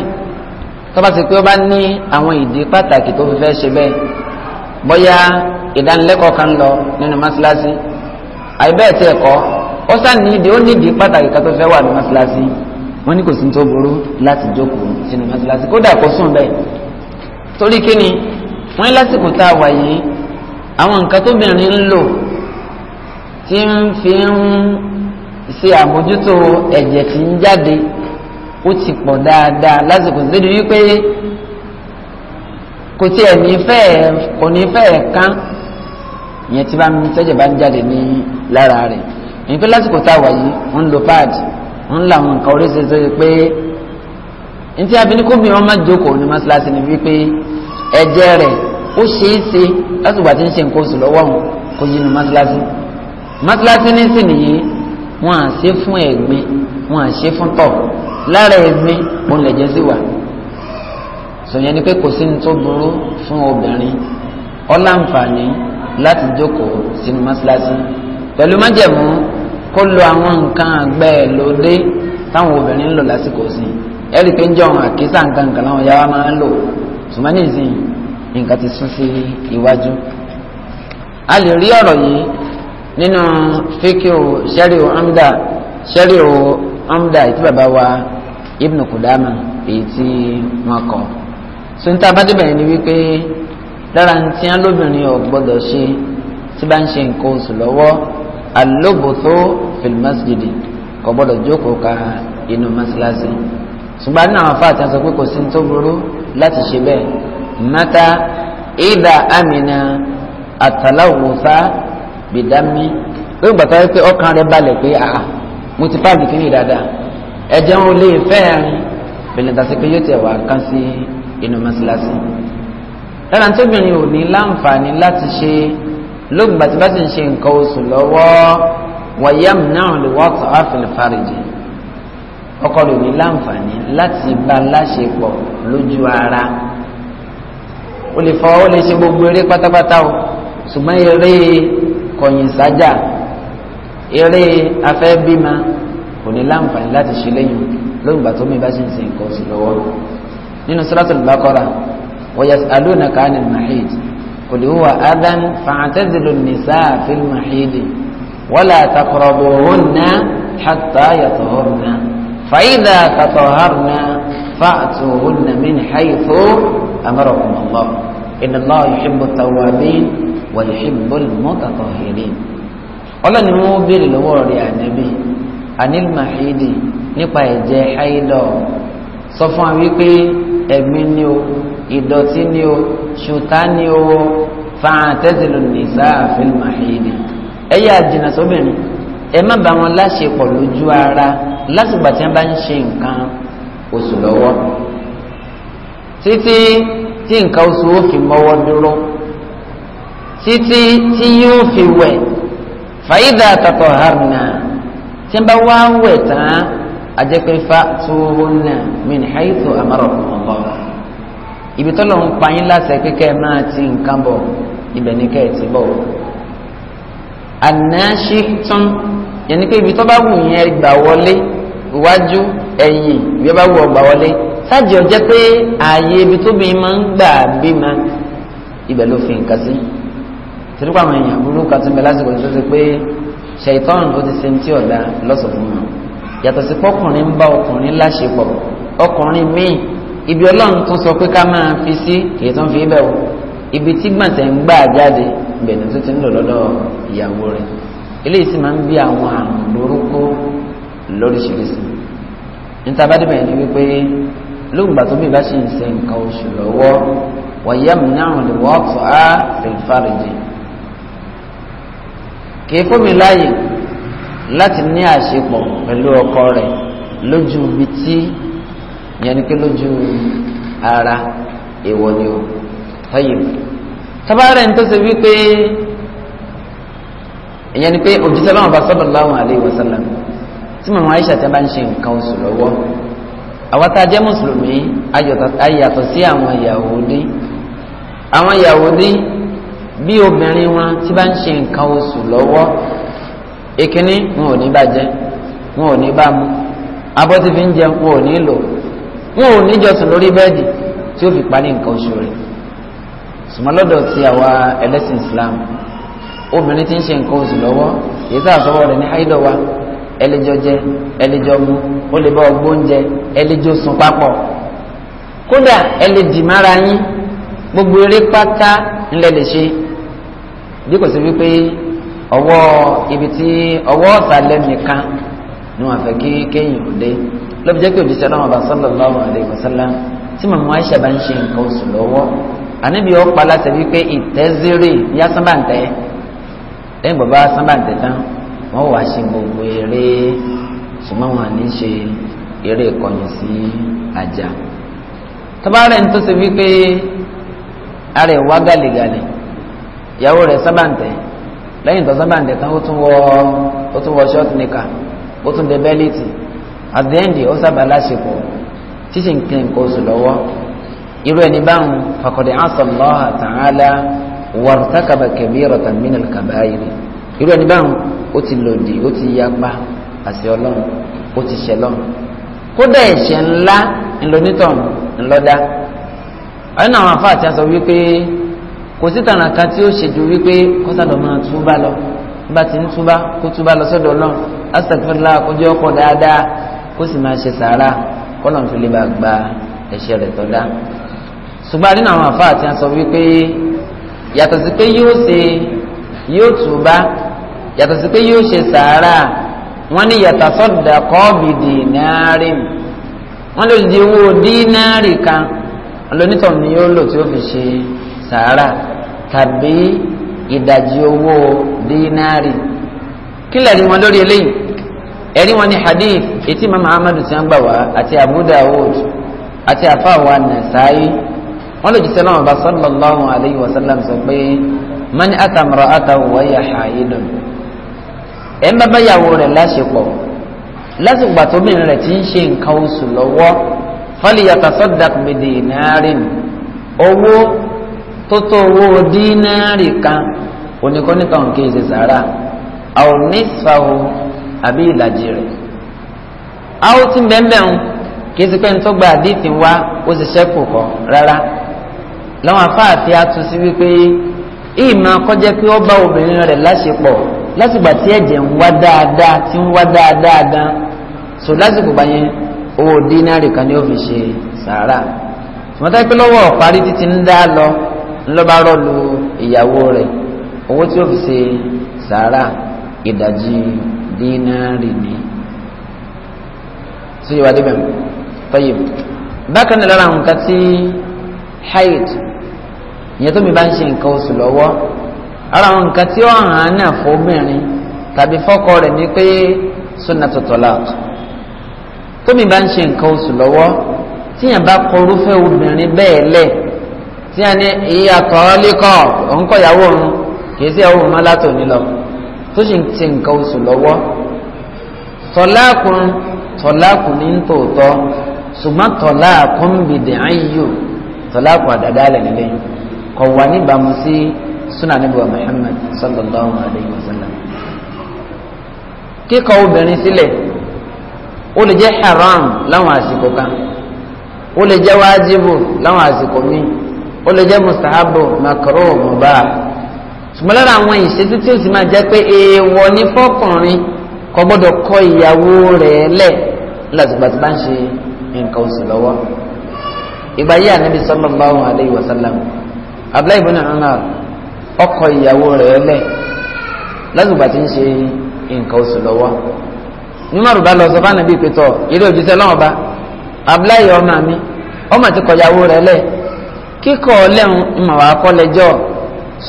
Speaker 2: tó bá pé ó bá ní àwọn ìdí pàtàkì tó fi fẹ́ ṣe bẹ́ẹ̀ bóyá ìdánilẹ́kọ̀ọ́ kan lọ nínú mọ́ṣáláṣí àìbẹ́ẹ̀ tí ẹ̀kọ́ ó sàníyìdì ó nídìí pàtàkì ká tó fẹ́ wà ní mọ́ṣáláṣí wọ́n ní kò sí tó burú láti jókòó sínú mọ́ṣáláṣí kódà kó sùn bẹ́ẹ̀ torí kí ni wọ́n ní lásìkò tá a wà yìí àwọn nǹkan tóbìnrin ń lò tí ń fi ń ṣe àmójútó ẹ̀jẹ̀ tí ń jáde ó ti pọ̀ dáadáa lásìkò síbi wípé kò tiẹ̀ ní ní fẹ́ẹ̀ kán ìyẹn tí tẹ́jẹ̀ bá ń jáde ní lára rẹ̀ èyí pé lásìkò tá a wà yìí ń lo pad ń la àwọn nǹkan oríṣiríṣi ṣe pé ní tí abiní kó bìnrin wọn má jókòó ní mọ́ṣáláṣí ni wípé ẹ̀jẹ̀ rẹ̀ ó ṣeé ṣe lásìkò àti ń ṣe nǹkan oṣù lọ́wọ́ wọn kó yí ní mọ́ṣáláṣí mọ́ṣáláṣí ní sì nìyí wọn à ṣe fún ẹ̀gbin wọn à ṣe fún tọ̀ lára ẹ̀gbin òun lẹ̀jẹ̀ sí wà sọ̀yẹn ni pé kò sí ní tó burú fún obìnrin ọ̀làǹfààní láti jókòó sínú mọ́ṣáláṣí pẹ̀lú májẹ̀mú kó lo àwọn nǹkan àgbẹ̀ lóde táwọn obìnrin ń lò lásìkò sí i ẹ̀rí pé ń jọ àwọn àkísà nǹkan nǹkan láwọn yàrá máa ń lò ṣùgbọ́n nǹkan ti sún sí iwájú. a lè rí ọ̀rọ̀ yìí nínú fíkìú sẹ́ríò amda sẹ́ríò amda ìtí bàbá wa Ibn Kudama èyí tí wọ́n kọ́ sóńtà bá ni wípé lára ń tiẹ́ lóbìnrin ò gbọ́dọ̀ ṣe tí bá ń ṣe nǹkan oṣù lọ́wọ́ alóbòtó fìlímọ́sídìdì kò gbọ́dọ̀ jókòó ka inú mọ́síláṣí ṣùgbọ́n ní àwọn afáàtì àti pé kò sí tó burú láti ṣe bẹ́ẹ̀ mẹ́ta ìdá àmìnà àtàláwòsá bìdámi lórí gbàtà wípé ọkàn rẹ balẹ̀ pé a mo ti fáàgì kí ni dáadáa ẹ̀jẹ̀ wọn ò lè fẹ́ẹ̀rin bẹ̀lẹ̀ tàṣí pé yóò tẹ̀ wá kán sí inú mọ́síláṣí lára tóbìnrin ò ní láǹfààní láti ṣe lóògbà tí bá ti ń ṣe nǹkan oṣù lọ́wọ́ wàyàm náà lè wọ́n tó àfẹlẹ̀ fàrìjì ọkọ rẹ̀ ò ní láǹfààní láti bá láṣepọ̀ lójú ara o lè fọ o lè ṣe gbogbo eré pátápátá o ṣùgbọ́n eré kọ̀yìn sájà eré afẹ́ bímọ kò ní láǹfààní láti ṣe lẹ́yìn lóògbà tó bá ṣe ń ṣe nǹkan oṣù lọ́wọ́ nínú Suratul Baqara. ويسألونك عن المحيط قل هو أذى فاعتزلوا النساء في المحيط ولا تقربوهن حتى يطهرن فإذا تطهرن فأتوهن من حيث أمركم الله إن الله يحب التوابين ويحب المتطهرين ọlọ́run ni الورد يا نبي عن المحيط anil يجي nípa صفا ويقي أمينيو ìdọ̀tí ni o ṣùtá ni o fàǹtẹ́sìlù nìsá àfẹ́lùmọ̀ àyèdè ẹ yà jìnnà sóbìnrin ẹ má bá wọn láṣepọ̀ lójú ara lásìgbà tí wọn bá ń ṣe nǹkan oṣù lọ́wọ́ títí tí nǹkan oṣù ó fi mọ́wọ́ dúró títí tí yóò fi wẹ̀ fàyídà àtàtọ̀ hàrùnà tí wọn bá wá wẹ̀ tán àjẹpẹ́fà tó wọn náà mìíràn àyètò àmàrọ̀ ọ̀gbọ̀n ibi tọ́lọ̀ ń pa yín láṣẹ kíkẹ́ máa ti nǹkan bọ̀ ibẹ̀ ní kẹ́ ẹ̀ ti bọ̀. ànáṣí tún yẹnni pé ibi tó bá wù yẹn gbà wọlé iwájú ẹ̀yìn ibi tó bá wù ọ gbà wọlé sáàjì ọjẹ́ pé ààyè ibi tóbi máa ń gbà bímọ ibẹ̀ ló fi nǹkan sí. torí pàmò èèyàn burú kan tún bẹ lásìkò tó ṣe pé ṣèitán ó ti ṣe ní tí ọ̀dà lọ́sọ̀ fún wọn yàtọ̀ sí pọ́kùnrin ń bá ọkùnrin láṣepọ̀ ọkùnrin míì ibi ọlọ́run tún sọ pé ká máa fi sí kì í tún fi bẹ́ẹ̀ o ibi tí gbọ̀nsẹ̀ ń gbà jáde bẹ̀rẹ̀ tó ti ń lò lọ́dọ̀ ìyàwó rẹ̀ eléyìí sì máa ń bí àwọn àrùn lórúkọ lóríṣiríṣi níta bá débẹ̀ ni wípé lóògbà tó bí bá ṣe ń ṣe nǹkan oṣù lọ́wọ́ wàyẹ̀mù náà lè wọ́ ọ̀tọ̀ á fìlfàrìjì kì í fún mi láàyè láti ní àṣepọ̀ pẹ̀lú ọkọ rẹ̀ lójú ibi tí ìyẹn ni pé lójú ara èèwọ̀ ni o tọ́yìn tabaarẹ̀ ní tó ṣe wípé ìyẹn ni pé òjíṣẹ́ báwọn bá sallallahu alaihi wasallam tí màmá Aisha tẹ́ bá ń ṣe nǹkan oṣù lọ́wọ́ àwọn tá a jẹ́ mùsùlùmí ayàtọ̀ sí àwọn Yahudi àwọn Yahudi bí obìnrin wọn tí bá ń ṣe nǹkan oṣù lọ́wọ́ ìkíní wọn ò ní bá wọn ò ní bá abọ́ tí fi ń jẹun wọn ò ní lò wọn ò níjọsìn lórí bẹ́ẹ̀dì tí ó fi parí nǹkan oṣù rẹ̀ sùmọ́lọ́dọ̀ ti àwa ẹlẹ́sìn Islam obìnrin ti ń ṣe nǹkan oṣù lọ́wọ́ yìí tá a sọ́wọ́ ní haidọ̀ wa jẹ ẹlẹ́jọ́ mu ó lè bá gbogbo eré pátá lè ṣe bí ibi tí ni lọ́bi jẹ́ pé òjíṣẹ́ náà bá sallallahu alaihi wasallam tí màmú Aisha bá ń ṣe nǹkan oṣù lọ́wọ́ ànábi ọ̀ pa láti wípé ìtẹ́zéré yá sábàǹtẹ́ lẹ́yìn bàbá sábàǹtẹ́ tán wọ́n wàá ṣe gbogbo eré ṣùgbọ́n wọn àní ṣe eré ìkọyìn sí àjà tọ́bárẹ̀ ń tó ṣe wípé ara ẹ̀ wá gàlẹ́gàlẹ́ ìyàwó rẹ̀ sábàǹtẹ́ lẹ́yìn tó sábàǹtẹ́ tán ó tún wọ ó tún wọ ṣọ́ọ̀tì nìkan ó tún dé bẹ́líìtì àdéhùndì ó sábà láṣepọ̀ títí nǹkan nǹkan oṣù lọ́wọ́ irú ẹni báwọn fàkọ̀dé asọ̀lọ́hà tààlà wàrùtàkàbà kabiratan minal kabairi irú ẹni báwọn ó ti lòdì ó ti yapa àṣẹ ọlọ́run ó ti ṣẹ lọ́run kódà ẹ̀ṣẹ̀ ńlá ńlọnítọ̀n ńlọ́dá ọ̀yìn àwọn afá àti aṣọ wípé kò sí tànà kan tí ó ṣe ju wípé kọ́sàdọ̀ máa túbà lọ bá ti ń túbà kó túbà lọ sọ́dọ̀ ọlọ́run astaghfirullah kó jẹ́ ọkọ̀ dáadáa kó sì máa ṣe sàárà kọ́lọ̀ ń fi lè bá gba ẹ̀ṣẹ̀ rẹ̀ tó dá. ṣùgbọ́n nínú àwọn àfáà tí a sọ wípé yàtọ̀ sí pé yóò ṣe yóò túbá yàtọ̀ sí pé yóò ṣe sàárà wọ́n ní yàtọ̀ sọ́dà kọ́ọ̀bìdì náírì wọ́n lè di owó dínárì kan lónítọ̀ ni yóò lò tí ó fi ṣe sàárà tàbí ìdajì owó dínárì kí lẹ́rìí wọn lórí eléyìí ẹ̀rí wọn ni hadith etí mama amadu ti ń gbà wá àti abu dawud àti afaawa nasaayi wọn lè jíṣẹ́ náà bá sallallahu alayhi wa sallam sọ pé mani atamra atahu wa ya haidun ẹ̀ ń bá báyàwó rẹ̀ láṣepọ̀ lásìkò gbàtọ́ obìnrin rẹ̀ ti ń ṣe nǹkan oṣù lọ́wọ́ fọlìyàtà sọ́dàkù bìdìnnárì owó tó owó dínárì kan oníkọ́nìkan kì sàrà àwọn nísfàwọ́ àbí ìlàjì rẹ̀ àwọn tí bẹ́ẹ̀ ń kì í ti pẹ́ ń tó gba àdìtì wá ó sì ṣẹ́kù kọ́ rárá làwọn afáàfin atúnṣe wípé ìmọ̀ kọjá pé ó bá obìnrin rẹ̀ láṣepọ̀ lásìgbà tí ẹ̀jẹ̀ ń wá dáadáa tí ń wá dáadáa gan so lásìkò bá yẹn owó dínárì kan ni ó fi ṣe sàárà tòmọ́tà pé lọ́wọ́ parí títí ń dá lọ ńlọ́ba rọ́ọ̀lù ìyàwó rẹ̀ owó tí ó fi ṣe sàárà ìdajì dínárì ni síyí wá débẹ̀ fẹ́yìm bákan náà lára nǹkan tí haid ìyẹn tó mi bá ń ṣe nǹkan oṣù lọ́wọ́ ara nǹkan tí ó hàn án náà fóbìnrin tàbí fọ́kọ rẹ̀ ni pé sunnatu talaq tó mi bá ń ṣe nǹkan oṣù lọ́wọ́ tíyàn bá kọrúfẹ́ obìnrin bẹ́ẹ̀ lẹ̀ tíyàn ní ìyàtọ̀ líkọ̀ òun kọ̀ yàwó òun kì í sí ìyàwó òun má látò ní lọ tó sì ń ti nǹkan oṣù lọ́wọ́ tọ́láàkùn tọ́láàkùn ní tòótọ́ ṣùgbọ́n tọ́láàkùn bìdì ayò tọ́láàkùn àdàdà lẹ́lẹ́lẹ́ kọ̀ wá níbàámu sí sunan níbà Muhammad sallallahu alayhi wa sallam. kíkọ̀ obìnrin sílẹ̀ ó lè jẹ́ haram láwọn àsìkò kan ó lè jẹ́ wájibu láwọn àsìkò míì ó lè jẹ́ mustahabu makaro mubah. ṣùgbọ́n lára àwọn ìṣesí tí ó sì máa jẹ́ pé èèwọ̀ ní kò gbọ́dọ̀ kọ ìyàwó rẹ̀ lẹ̀ lásìgbà tí bá ń ṣe nǹkan oṣù lọ́wọ́ ìgbà yìí ànábi sallallahu alayhi wa sallam abdullahi ọkọ ìyàwó rẹ̀ lẹ̀ lásìgbà tí ń ṣe nǹkan oṣù lọ́wọ́ nímọ̀rù bá lọ sọ fún ànábi ìpẹ́tọ̀ ilé òjíṣẹ́ ti kọ ìyàwó rẹ̀ lẹ̀ ọlẹ́run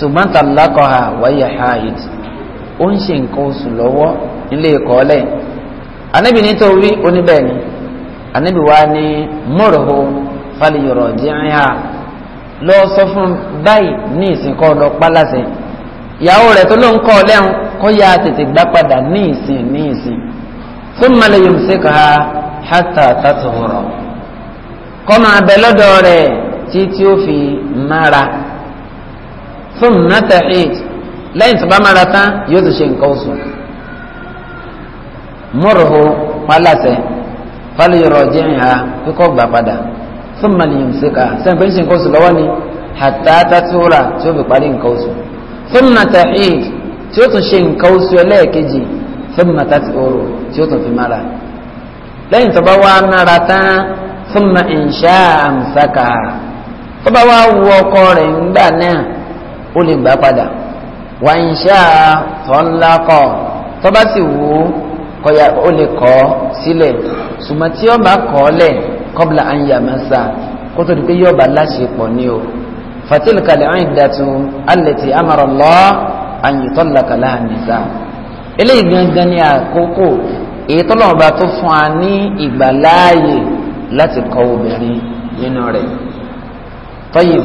Speaker 2: ṣùgbọ́n tàlákọ̀ha wáyé haid ó ń ṣe nǹkan oṣù lọ́wọ́ nílé ìkọ́lẹ̀ anábì nítorí oníbẹ̀ni anábì wa ní mọ̀rọ̀hó fàlìyọ̀rọ̀ díẹ̀ lọ sọ fún báyìí ní ìsìnkọ́ lọ pálásẹ̀ ìyàwó rẹ̀ tó ló ń kọ́ lẹ́hùn kó yá tètè gbá padà ní ìsìn ní ìsìn fún malayum sèkà hátà tàtúhùrọ̀
Speaker 1: kọ́ máa bẹ lọ́dọ̀
Speaker 2: rẹ̀ tí ó fi mára. fún nata eid lẹ́yìn tó bá mara tán yóò tún ṣe nǹkan oṣù múrùhù pálásẹ̀ fálẹ̀yọ̀rọ̀ jẹ́rìn ha kíkọ́ gbà padà fún màlìyàn síkà sẹ́ńpẹ́ ṣe nǹkan oṣù lọ́wọ́ ni hàtà tàtúrà tí ó fi parí nǹkan oṣù fún nata tí ó tún ṣe nǹkan oṣù ẹlẹ́ẹ̀kejì tí ó tún fi mara lẹ́yìn tó bá wá mara tán fún ìṣá àmsákà tó bá wọ ọkọ rẹ̀ náà. ó lè gbà padà wà ń ṣá tọ́lákọ̀ tó bá sì wù ú kọ́ya ó lè kọ́ sílẹ̀ ṣùgbọ́n tí ó bá kọ́ lẹ̀ kọ́bla àyà máa sa kó tó di pé yóò bá láṣepọ̀ ní o fatilka al-iddatu allati amara Allah an yutallaqa laha an-nisa eléyìí gangan ní àkókò èyí tó lọ́wọ́ bá tó fún wa ní ìgbàláàyè láti kọ obìnrin nínú rẹ̀ tọ́yìn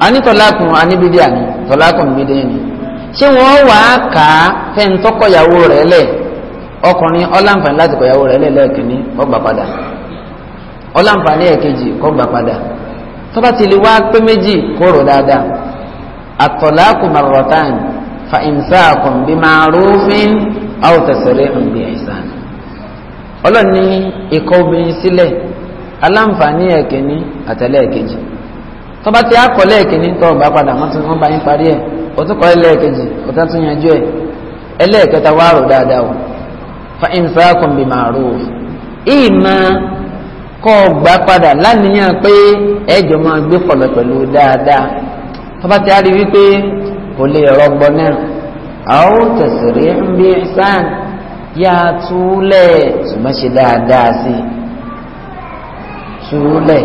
Speaker 2: ani tọ́lákùn aníbídíà ni tọ́lákùn bídíà ni ṣé wọ́n wà á kà á fẹ́ntọ́kọ̀yàwó rẹ̀ lẹ̀ ọkùnrin ọláǹfààní láti kọ̀yàwó rẹ̀ lẹ̀ lẹ́ẹ̀kìnní kó padà ọláǹfààní ẹ̀kejì kó padà tó ti lè wá pé méjì kóró dáadáa àtọ̀lákùn fa bí ọlọ́ni obìnrin sílẹ̀ aláǹfààní ẹ̀kìnní tọ́ba ti akọ lẹ́ẹ̀kejì ń tọ́ ọgbà padà wọ́n ti wọ́n bá yín parí ẹ̀ òtún kọ́ lẹ́ẹ̀kejì òtún tún yanjú ẹ̀ ẹlẹ́ẹ̀kẹta wàá rò dáadáa o fa imsakun bi ma'ruf ìmọ̀ kọ́ gbà padà lánìyàn pé ẹjọ́ máa gbé pọ̀lọ̀ pẹ̀lú dáadáa tọ́ba ti arí wípé kò lè rọgbọ náà àwọn tẹ̀sírí ń bí sàn yá túlẹ̀ ṣùgbọ́n ṣe dáadáa sí túlẹ̀.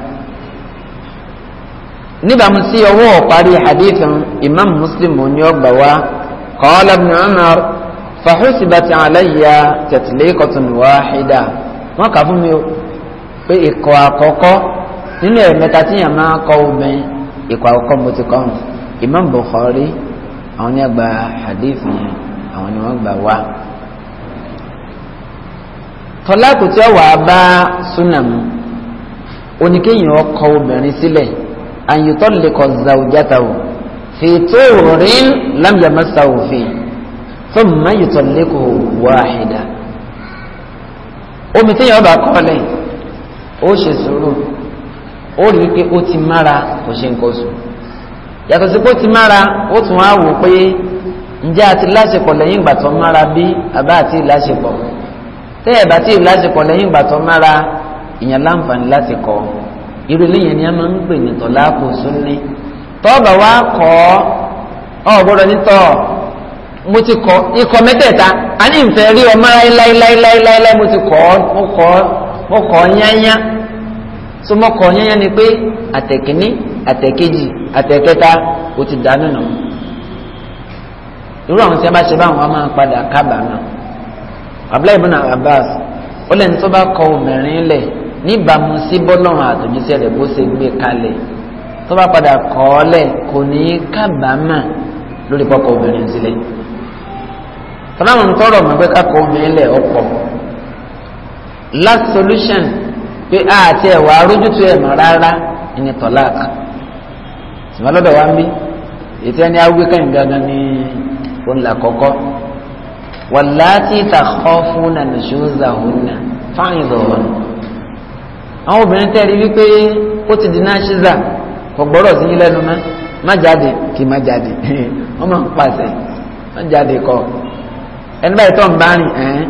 Speaker 2: níbàámu sí ọwọ́ ọ̀parí hadithan imam muslim ní ọgbà wa qala ibn umar fahusibat alayya tatliqatun wahida wọ́n kà fún mi pé ikọ̀ àkọ́kọ́ nínú ẹ̀mẹ́ta tí yàn máa kọ́ obìnrin ikọ̀ àkọ́kọ́ mo ti kọ́ ọ́n imam bukhari àwọn ní ọgbà hadith yẹn àwọn ni wọ́n gbà wá tọ́lákù tí ó wà á bá súnà mu oníkéyìn ọkọ obìnrin sílẹ̀ an yutalliqa zawjatahu fi turin lam yamassahu fi thumma yutalliquhu wahida omi téèyàn bá kọ́ lẹ̀ ó ṣe sùúrù ó rí i pé ó ti mára kò ṣe nǹkan oṣù yàtọ̀ sí pé ó ti mára ó tún á wò pé ǹjẹ́ àti láṣepọ̀ lẹ́yìn ìgbà tó mára bí àbá àti láṣepọ̀ tẹ́ẹ̀ bá ti láṣepọ̀ lẹ́yìn ìgbà tó mára ìyẹn láǹfààní láti kọ́ ọ. irú eléyìí ni a máa ń pè ní tọ́lá kò sunni tọ́ọ̀bà wa kọ́ ọ gbọ́dọ̀ nítọ́ mo ti kọ́ ikọ̀ mẹ́tẹ̀ẹ̀ta a ní ìfẹ́ rí ọmọ láíláíláíláíláí mo ti kọ́ mo kọ́ mo kọ́ yányá so mo kọ́ yányá ni pé àtẹ̀kíní àtẹ̀kejì àtẹ̀kẹta o ti dànù nù irú àwọn tí a bá ṣe báwọn máa padà kábàámà Abdullahi Abbas ó tó bá níbàámu sí bọ́lọ́run àtòjíṣẹ́ rẹ̀ bó ṣe gbé kalẹ̀ tó bá padà kọ́ ọ lẹ̀ kò ní kábàámà lórí pọ́kọ̀ obìnrin sílẹ̀ tọ́láwọn ń tọrọ mọ̀ pé kákọ́ obìnrin lẹ̀ ọ̀pọ̀ last solution pé àti ẹ̀wà arójútu ẹ̀mọ̀ rárá ìní tọ́láàkà ṣùgbọ́n lọ́dọ̀ wa ń bí ètò ẹni awúgbé kẹ́yìn gangan ní òǹlà kọ́kọ́ wàlátì tàkọ́ fún nàìjíríà òǹnà fáyìn lọ́wọ́ náà. àwọn obìnrin tẹ́rí wípé ó ti di ṣíza sí ilé lẹ́nu mọ́ má jáde kì í má jáde wọ́n máa ń pàṣẹ má jáde kọ ẹni báyìí tó ń bá rìn ẹ̀ẹ́n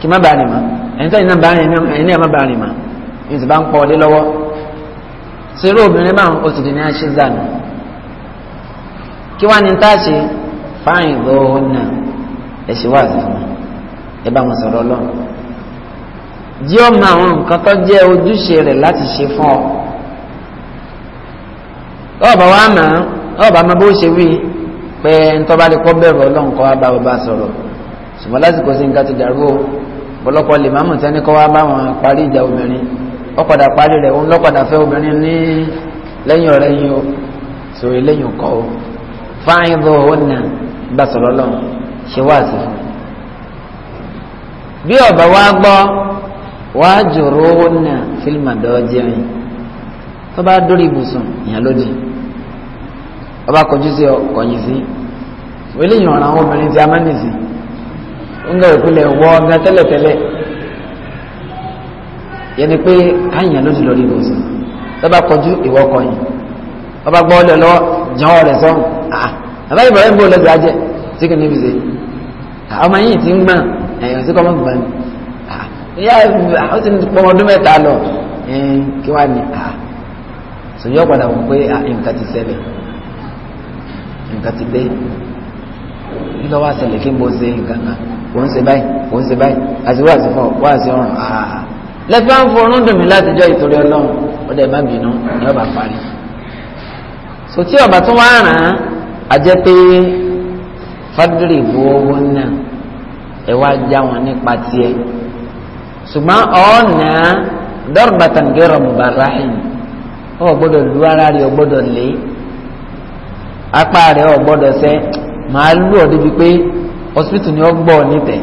Speaker 2: kì í má bá rìn mọ́ ẹni tó yìí bá rìn ẹni ẹ̀ má bá rìn mọ́ di nù kí wàá ní tá a ṣe fáyìn náà ẹ̀ ṣe wá jẹ́ ọmọ àwọn nǹkan tó jẹ́ ojúṣe rẹ̀ láti ṣe fún ọ. ọba wa mọ̀ ọba mọ bó ṣe wí pé ntọ́ba lè kọ́ bẹ̀rù ọlọ́run kọ́ wá bá bàbá sọ̀rọ̀ ṣùgbọ́n lásìkò sí nǹkan ti dàrú o ọ̀pọ̀lọpọ̀ lè máàmù tẹ́ni kọ́ wá bá wọn parí ìjà obìnrin ọ̀padà parí rẹ̀ òun lọ́padà fẹ́ obìnrin ní lẹ́yìn ọ̀rẹ́ yín o sòrí lẹ́yìn kọ́ o fáyín bó o nà bá sọ̀rọ̀ ṣe wá sí fún un. bí ọba wa gbọ́ wàá jòrò owó náà fílmù àdọ́jẹrin tó bá dórí ibùsùn lódì ọba kọjú sí ọkọyìn sí eléyìí ọ̀ràn àwọn obìnrin ti amánìsì ń gbà ìpínlẹ̀ wọ ọgá tẹ́lẹ̀tẹ́lẹ̀ yẹn ni pé káyìn lódì lórí ibùsùn tó bá kọjú ìwọ ọba gbọ́ ọlẹ́ lọ jẹun rẹ̀ sọ́hùn ah, àbá ìbọ̀rẹ́ ń bọ̀ lọ́dọ̀ ajẹ́ tí níbi ṣe ah, ọmọ yìí ti ń sí kọ́mọ́ ìyá ó ti pọn ọdún mẹ́ta lọ kí wàá ní a sòyí ọ̀padà wọ̀ pé nǹkan ti ṣẹlẹ̀ nǹkan ti dé nígbà wàá ṣẹlẹ̀ kí n bó ṣe nǹkan kan òun ṣe báyìí òun ṣe báyìí àti wàá ṣe fún ọ wàá ṣe ọrùn àà lẹ́fẹ́ ń fọrún dùn mí láti jọ ìtòrí ọlọ́run ọdẹ má bínú ni ọba parí sòtí ọba tó wá ràn án àjẹ pé fádùrì bu owó náà ẹ wá já wọn nípa tiẹ̀ ṣùgbọ́n ọ̀nà dọ́rbatan gẹ́rọ mùbáráhìn ó gbọ́dọ̀ lu ara rẹ̀ ó gbọ́dọ̀ lé apá rẹ̀ ó gbọ́dọ̀ sẹ́ màá lù ọ́ débi pé hospital ni ó gbọ́ nítẹ̀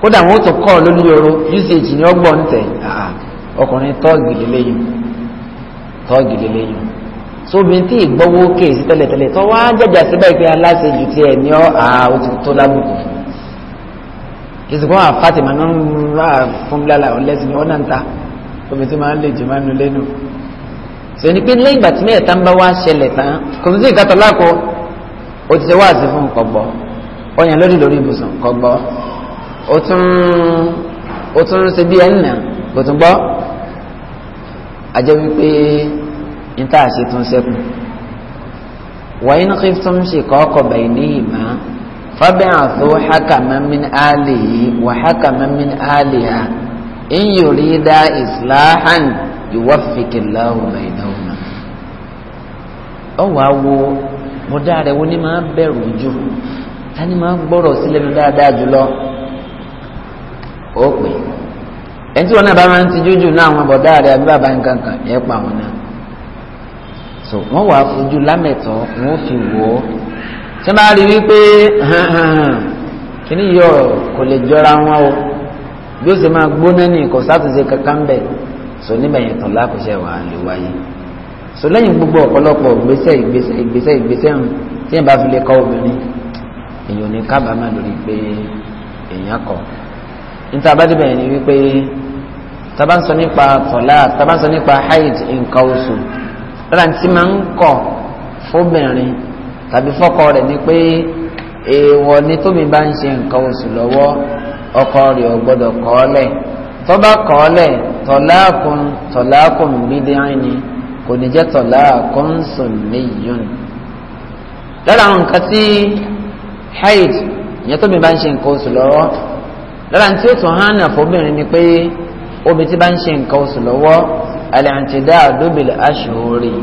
Speaker 2: kódà wọn ó tún kọ́ ọ lórí ọ̀rọ̀ usage ni ó gbọ́ nítẹ̀ ah, ọkùnrin tọ́ọ̀gì lélẹ́yìn tọ́ọ̀gì lélẹ́yìn sóbin tí ìgbọ́wọ́ kéèsì tẹ́lẹ̀tẹ́lẹ̀ tó wá jẹ́jà síbẹ̀ pé aláṣẹ jù tiẹ̀ ní ọ́ àá ah, ó ti tó lábùkù ìsìnkú àwọn Fatima náà ń rà fún bílálà ọ̀lẹ́sìn ni wọ́n náà ń ta omi tí máa ń lè jẹ máa ń nu lẹ́nu sọ ni pé lẹ́yìn ìgbà tí mẹ́ẹ̀ta ń bá wá ṣẹlẹ̀ tán kò sí nǹkan tó lákò ó ti ṣe wáàsí fún kò ọyàn lórí lórí ibùsùn kò ó tún ó ṣe bí ẹnì kò tún gbọ́ àjẹ́ wípé n tá ṣe tún ṣẹ́kù wàyí ní kí tún ṣe kọ́ ọkọ̀ bẹ̀yìn ní ìmọ̀ فبعثوا حكما من آله وحكما من آلها إن يريدا إصلاحا يوفق الله بينهما ó wàá wo bọ́dá rẹ̀ wo ni máa bẹ̀rù jù ta ni máa gbọ́rọ̀ sílẹ̀ mi dáadáa jùlọ ó pè ẹni tí wọn náà bá máa ń tijú jù náà àwọn bọ́dá rẹ̀ àbí bàbá nǹkan kan ẹ̀ pa wọn náà so wọ́n wàá fojú lámẹ̀tọ́ wọ́n fi wò tí wọ́n bá rí wípé kíní yọ kò lè jọra wọn o bí ó sì máa gbóná ní kò sátúnṣe kankan bẹ̀ sọ níbẹ̀ yẹn tán lákòóṣe wà lè wáyé sọ lẹ́yìn gbogbo ọ̀pọ̀lọpọ̀ ìgbésẹ̀ ìgbésẹ̀ ìgbésẹ̀ ìgbésẹ̀ hàn tí yẹn bá fi lè kọ́ obìnrin èèyàn ní kábàámà lórí pé èèyàn kọ̀ níta bá yẹn ni wípé taba ń sọ nípa tọ̀lá taba ń sọ nípa haid nǹkan oṣù lọ́la tí máa ń kọ̀ fóbìnrin tàbí fọ́kọ rẹ̀ ni pé èèwọ̀ ni tómi bá ń ṣe nǹkan oṣù lọ́wọ́ ọkọ rẹ̀ ò gbọ́dọ̀ kọ̀ ọ́ lẹ̀ tó bá kọ̀ ọ́ lẹ̀ tọ̀láàkùn tọ̀láàkùn bídíán ni kò ní jẹ́ tọ̀láàkùn sùnmíyùn. lára àwọn nǹkan tí haid ìyẹn tómi bá ń ṣe nǹkan oṣù lọ́wọ́ lára tí ó tún hánà fóbìnrin ni pé omi tí bá ń ṣe nǹkan oṣù lọ́wọ́ àlẹ́ àǹtí dáa dóbìlì aṣòro rè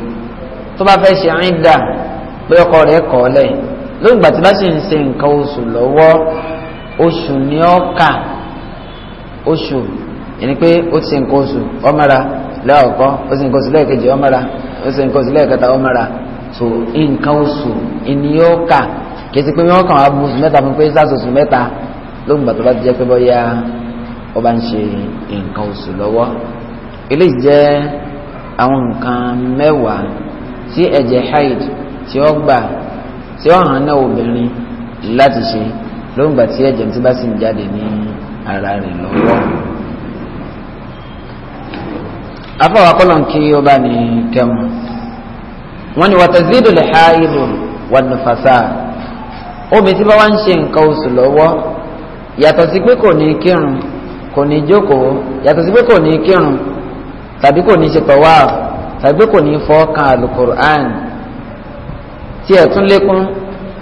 Speaker 2: tó bá fẹ́ ṣe àìdá pé ọkọ rẹ̀ kọ̀ ọ́ lẹ̀ lóyún ìgbà tí bá sì ń ṣe nǹkan oṣù lọ́wọ́ oṣù ni ó kà oṣù yẹni pé ó ti ṣe nǹkan oṣù ọmọra lẹ́ọ̀kọ́ ó ti ṣe nǹkan oṣù lẹ́ẹ̀kejì ọmọra ó ti ṣe nǹkan oṣù lẹ́ẹ̀kẹta ọmọra tó nǹkan oṣù ni ó kà pé wọ́n kàn wá bu oṣù mẹ́ta fún pé sars oṣù mẹ́ta lóyún ìgbà tó jẹ́ pé bọ́yá ó bá ń ṣe nǹkan oṣù lọ́wọ́ eléyìí jẹ́ àwọn nǹkan mẹ́wàá tí ẹ̀jẹ̀ haid tí ó gbà tí ó hàn náà obìnrin láti ṣe lóun gbà tí ẹ̀jẹ̀ tó bá sì ń jáde ní ara rẹ̀ lọ́wọ́. afọwọ́ akọ́lọ́n kí ó bá ní kẹ́mu wọ́n ní watazidu al-haid wan-nufasa omi tí bá wá ń ṣe nǹkan oṣù lọ́wọ́ yàtọ̀ sí pé kò ní kírun kò ní jókòó yàtọ̀ sí pé kò ní kírun tàbí kò ní ṣe tọ́wá tàbí kò ní fọ́ kan alukur'an tí ẹ̀ tún lékún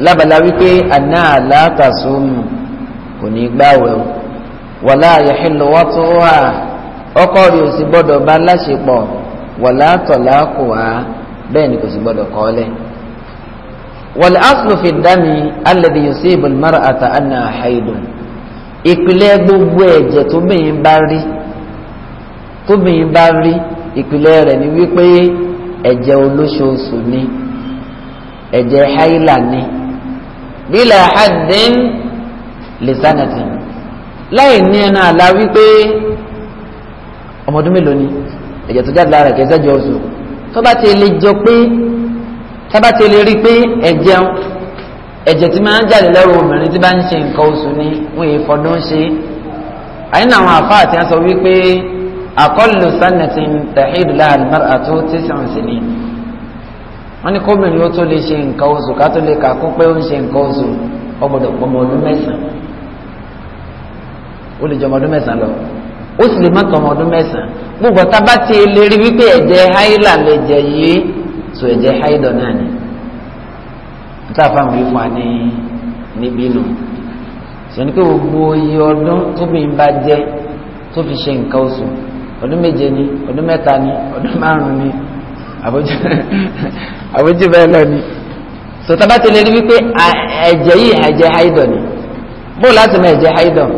Speaker 2: lábàlá wípé àná àlàátàsóòmù kò ní gbààwẹ̀ o wàlá àyẹ̀hìnlọ́wọ́ tó wà ọkọ rẹ̀ ò sì gbọ́dọ̀ bá láṣepọ̀ wàlá tọ̀lá kò wá bẹ́ẹ̀ ni kò sì gbọ́dọ̀ kọ́ lẹ̀. wàlá asùnfì dání alẹ́dẹ̀ yòsí ìbùnmọ́ra àtà àná àhàìdùn ìpìlẹ̀ gbogbo ẹ̀jẹ̀ tóbìnrin bá rí tóbìnrin bá rí ìpìlẹ̀ rẹ̀ ni wípé ẹ̀jẹ̀ olóṣooṣù ni ẹ̀jẹ̀ haila ni bílà hadin lisanati láì ní ẹnu àlá wípé ọmọdún mélòó ni ẹ̀jẹ̀ tó jáde lára kẹsẹ̀ jọ oṣù tó bá ti lè jọ pé tó bá ti lè rí pé ẹ̀jẹ̀ ẹ̀jẹ̀ tí máa ń jáde lẹ́rù obìnrin tí bá ń ṣe nǹkan oṣù ni wọ́n yìí fọdún ṣe àyìn àwọn àfáà tí wọ́n sọ wípé aqallu sanatin tahidu laha al-mar'atu tis'u sinin wọ́n ní kóbìnrin ó tó lè ṣe nǹkan oṣù ká tó lè kà kún pé ó ń ṣe nǹkan oṣù ó gbọ́dọ̀ pọ̀ ọmọ ọdún mẹ́sàn-án ó lè jọ ọdún mẹ́sàn-án lọ ó sì lè má tọ ọdún mẹ́sàn-án gbogbo ọ̀tá bá ti lè rí wípé ẹ̀jẹ̀ háìlà lè jẹ yìí sọ ẹ̀jẹ̀ háìdọ̀ náà ni níta fáwọn yìí fún wa ní níbí nù sọ̀rọ̀ pé gbogbo iye ọdún tóbi bá jẹ tó fi ṣe nǹkan oṣù ọdún méje ni ọdún mẹ́ta ni ọdún márùn-ún ni àbójú bẹ́ẹ̀ lọ ni sọtaba ti lè rí wípé ẹ̀jẹ̀ yìí ẹ̀jẹ̀ haidọ̀ ni bó láti mọ ẹ̀jẹ̀ haidọ̀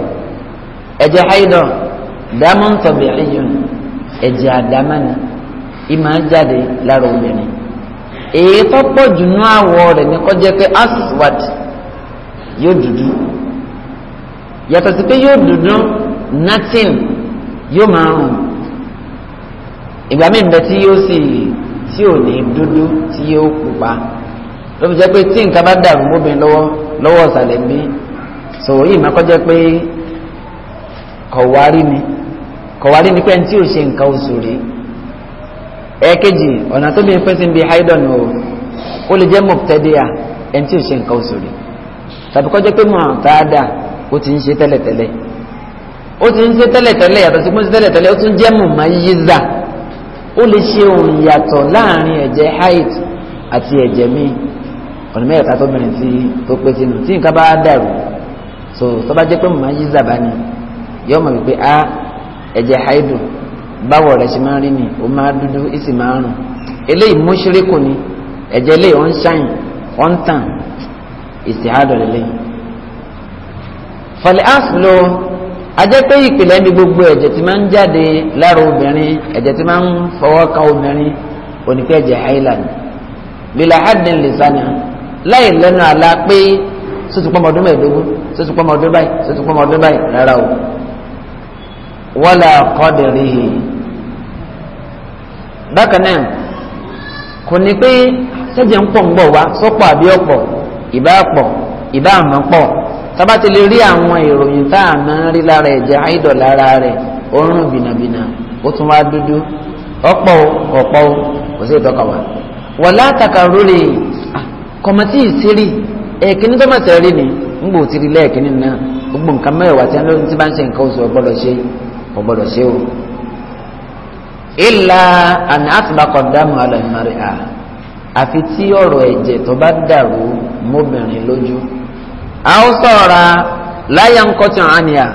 Speaker 2: ẹ̀jẹ̀ haidọ̀ dàmú ntọ̀bì ẹ̀yọ̀ ni ẹ̀jẹ̀ àdámá ni ìmọ̀ jáde lára obìnrin èyí tó pọ̀ jù nú àwọ̀ rẹ̀ ni kọ́ jẹ́ pé aswad yóò dúdú yàtọ̀ sí pé yóò dúdú nothing yóò máa rùn ìgbà míì bẹ́ẹ̀ tí yóò sì. Si, tí ò ní dúdú tí yóò pupa ló fi jẹ́ pé tí nǹkan bá dàrú mọ́bìnrin lọ́wọ́ lọ́wọ́ ọ̀sàlẹ̀ bí sòwò yìí má kọjá pé kọ̀wárí ni kọ̀wárí ni pé ẹni tí ò ṣe nǹkan oṣù rí ẹ̀ẹ́kejì ọ̀nà tó bí pín sí bí haidon o ó lè jẹ́ mọ̀tẹ́díà ẹni tí ò ṣe nǹkan oṣù rí tàbí kọjá pé mọ̀ tààdà ó ti ń ṣe tẹ́lẹ̀tẹ́lẹ̀ ó ti ń ṣe tẹ́lẹ̀tẹ́lẹ̀ yàtọ̀ sí pé ó ti tẹ́lẹ̀tẹ́lẹ̀ ó tún jẹ́ mọ̀ máa yíyí zà ó lè ṣe òun yàtọ̀ láàrin ẹ̀jẹ̀ haid àti ẹ̀jẹ̀ mi ọ̀nà mẹ́ta tó bìnrin tí tó pé sínú tí nǹkan bá dàrú so tó bá jẹ́ pé màmá yí zàbá ni yóò mọ̀ wípé a ah, ẹ̀jẹ̀ haidu báwọ̀ rẹ̀ ṣe máa rí ni ó máa dúdú ó sì máa ń rùn eléyìí mọ́ṣíríkù ni ẹ̀jẹ̀ eléyìí ó ń ṣàyìn tàn ìsìhádọ̀ lélẹ́yìn. fọlẹ́ àfúlọ́ ajẹ́ pé ìpìlẹ̀ ní gbogbo ẹ̀jẹ̀ tí máa ń jáde lára obìnrin ẹ̀jẹ̀ tí máa ń fọwọ́ kan obìnrin oníkẹ́ ẹ̀jẹ̀ island bílà hadin lisani láì lẹ́nu àlá pé sotupọ̀ ọmọdún mẹ́ẹ̀ẹ́dógún sotupọ̀ ọmọdún báyìí sotupọ̀ ọmọdún báyìí rárá o wala qadrihi bákan náà kò ní pé sẹ́jẹ̀ ń pọ̀ ń bọ̀ wá sọ́pọ̀ àbí ọ̀pọ̀ ìbá pọ̀ ìbá tába ti lè rí àwọn ìròyìn tá a máa rí lára ẹ̀jẹ̀ àìdọ̀ lára rẹ̀ òórùn bìnàbìnà ó tún wá dúdú ọ̀pọ̀ ọ̀pọ̀ kò sí ìtọ́ka wa. wọ́n látàkà rúre kọ̀mọ̀tì ìsírí ẹ̀kíní tó máa tẹ̀rí ni ń gbò tí rí lẹ́ẹ̀kíní náà gbogbo nǹkan mẹ́wàá tí wọ́n ti bá ń ṣe nǹkan oṣù ọgbọ́dọ̀ ṣe ọgbọ́dọ̀ ṣe o. ìlà àtìbákọ̀ dáàmú alẹ́ mẹ́rin à àfi tí ọ̀rọ̀ ẹ̀jẹ̀ tó a o soora laayan kochi onani a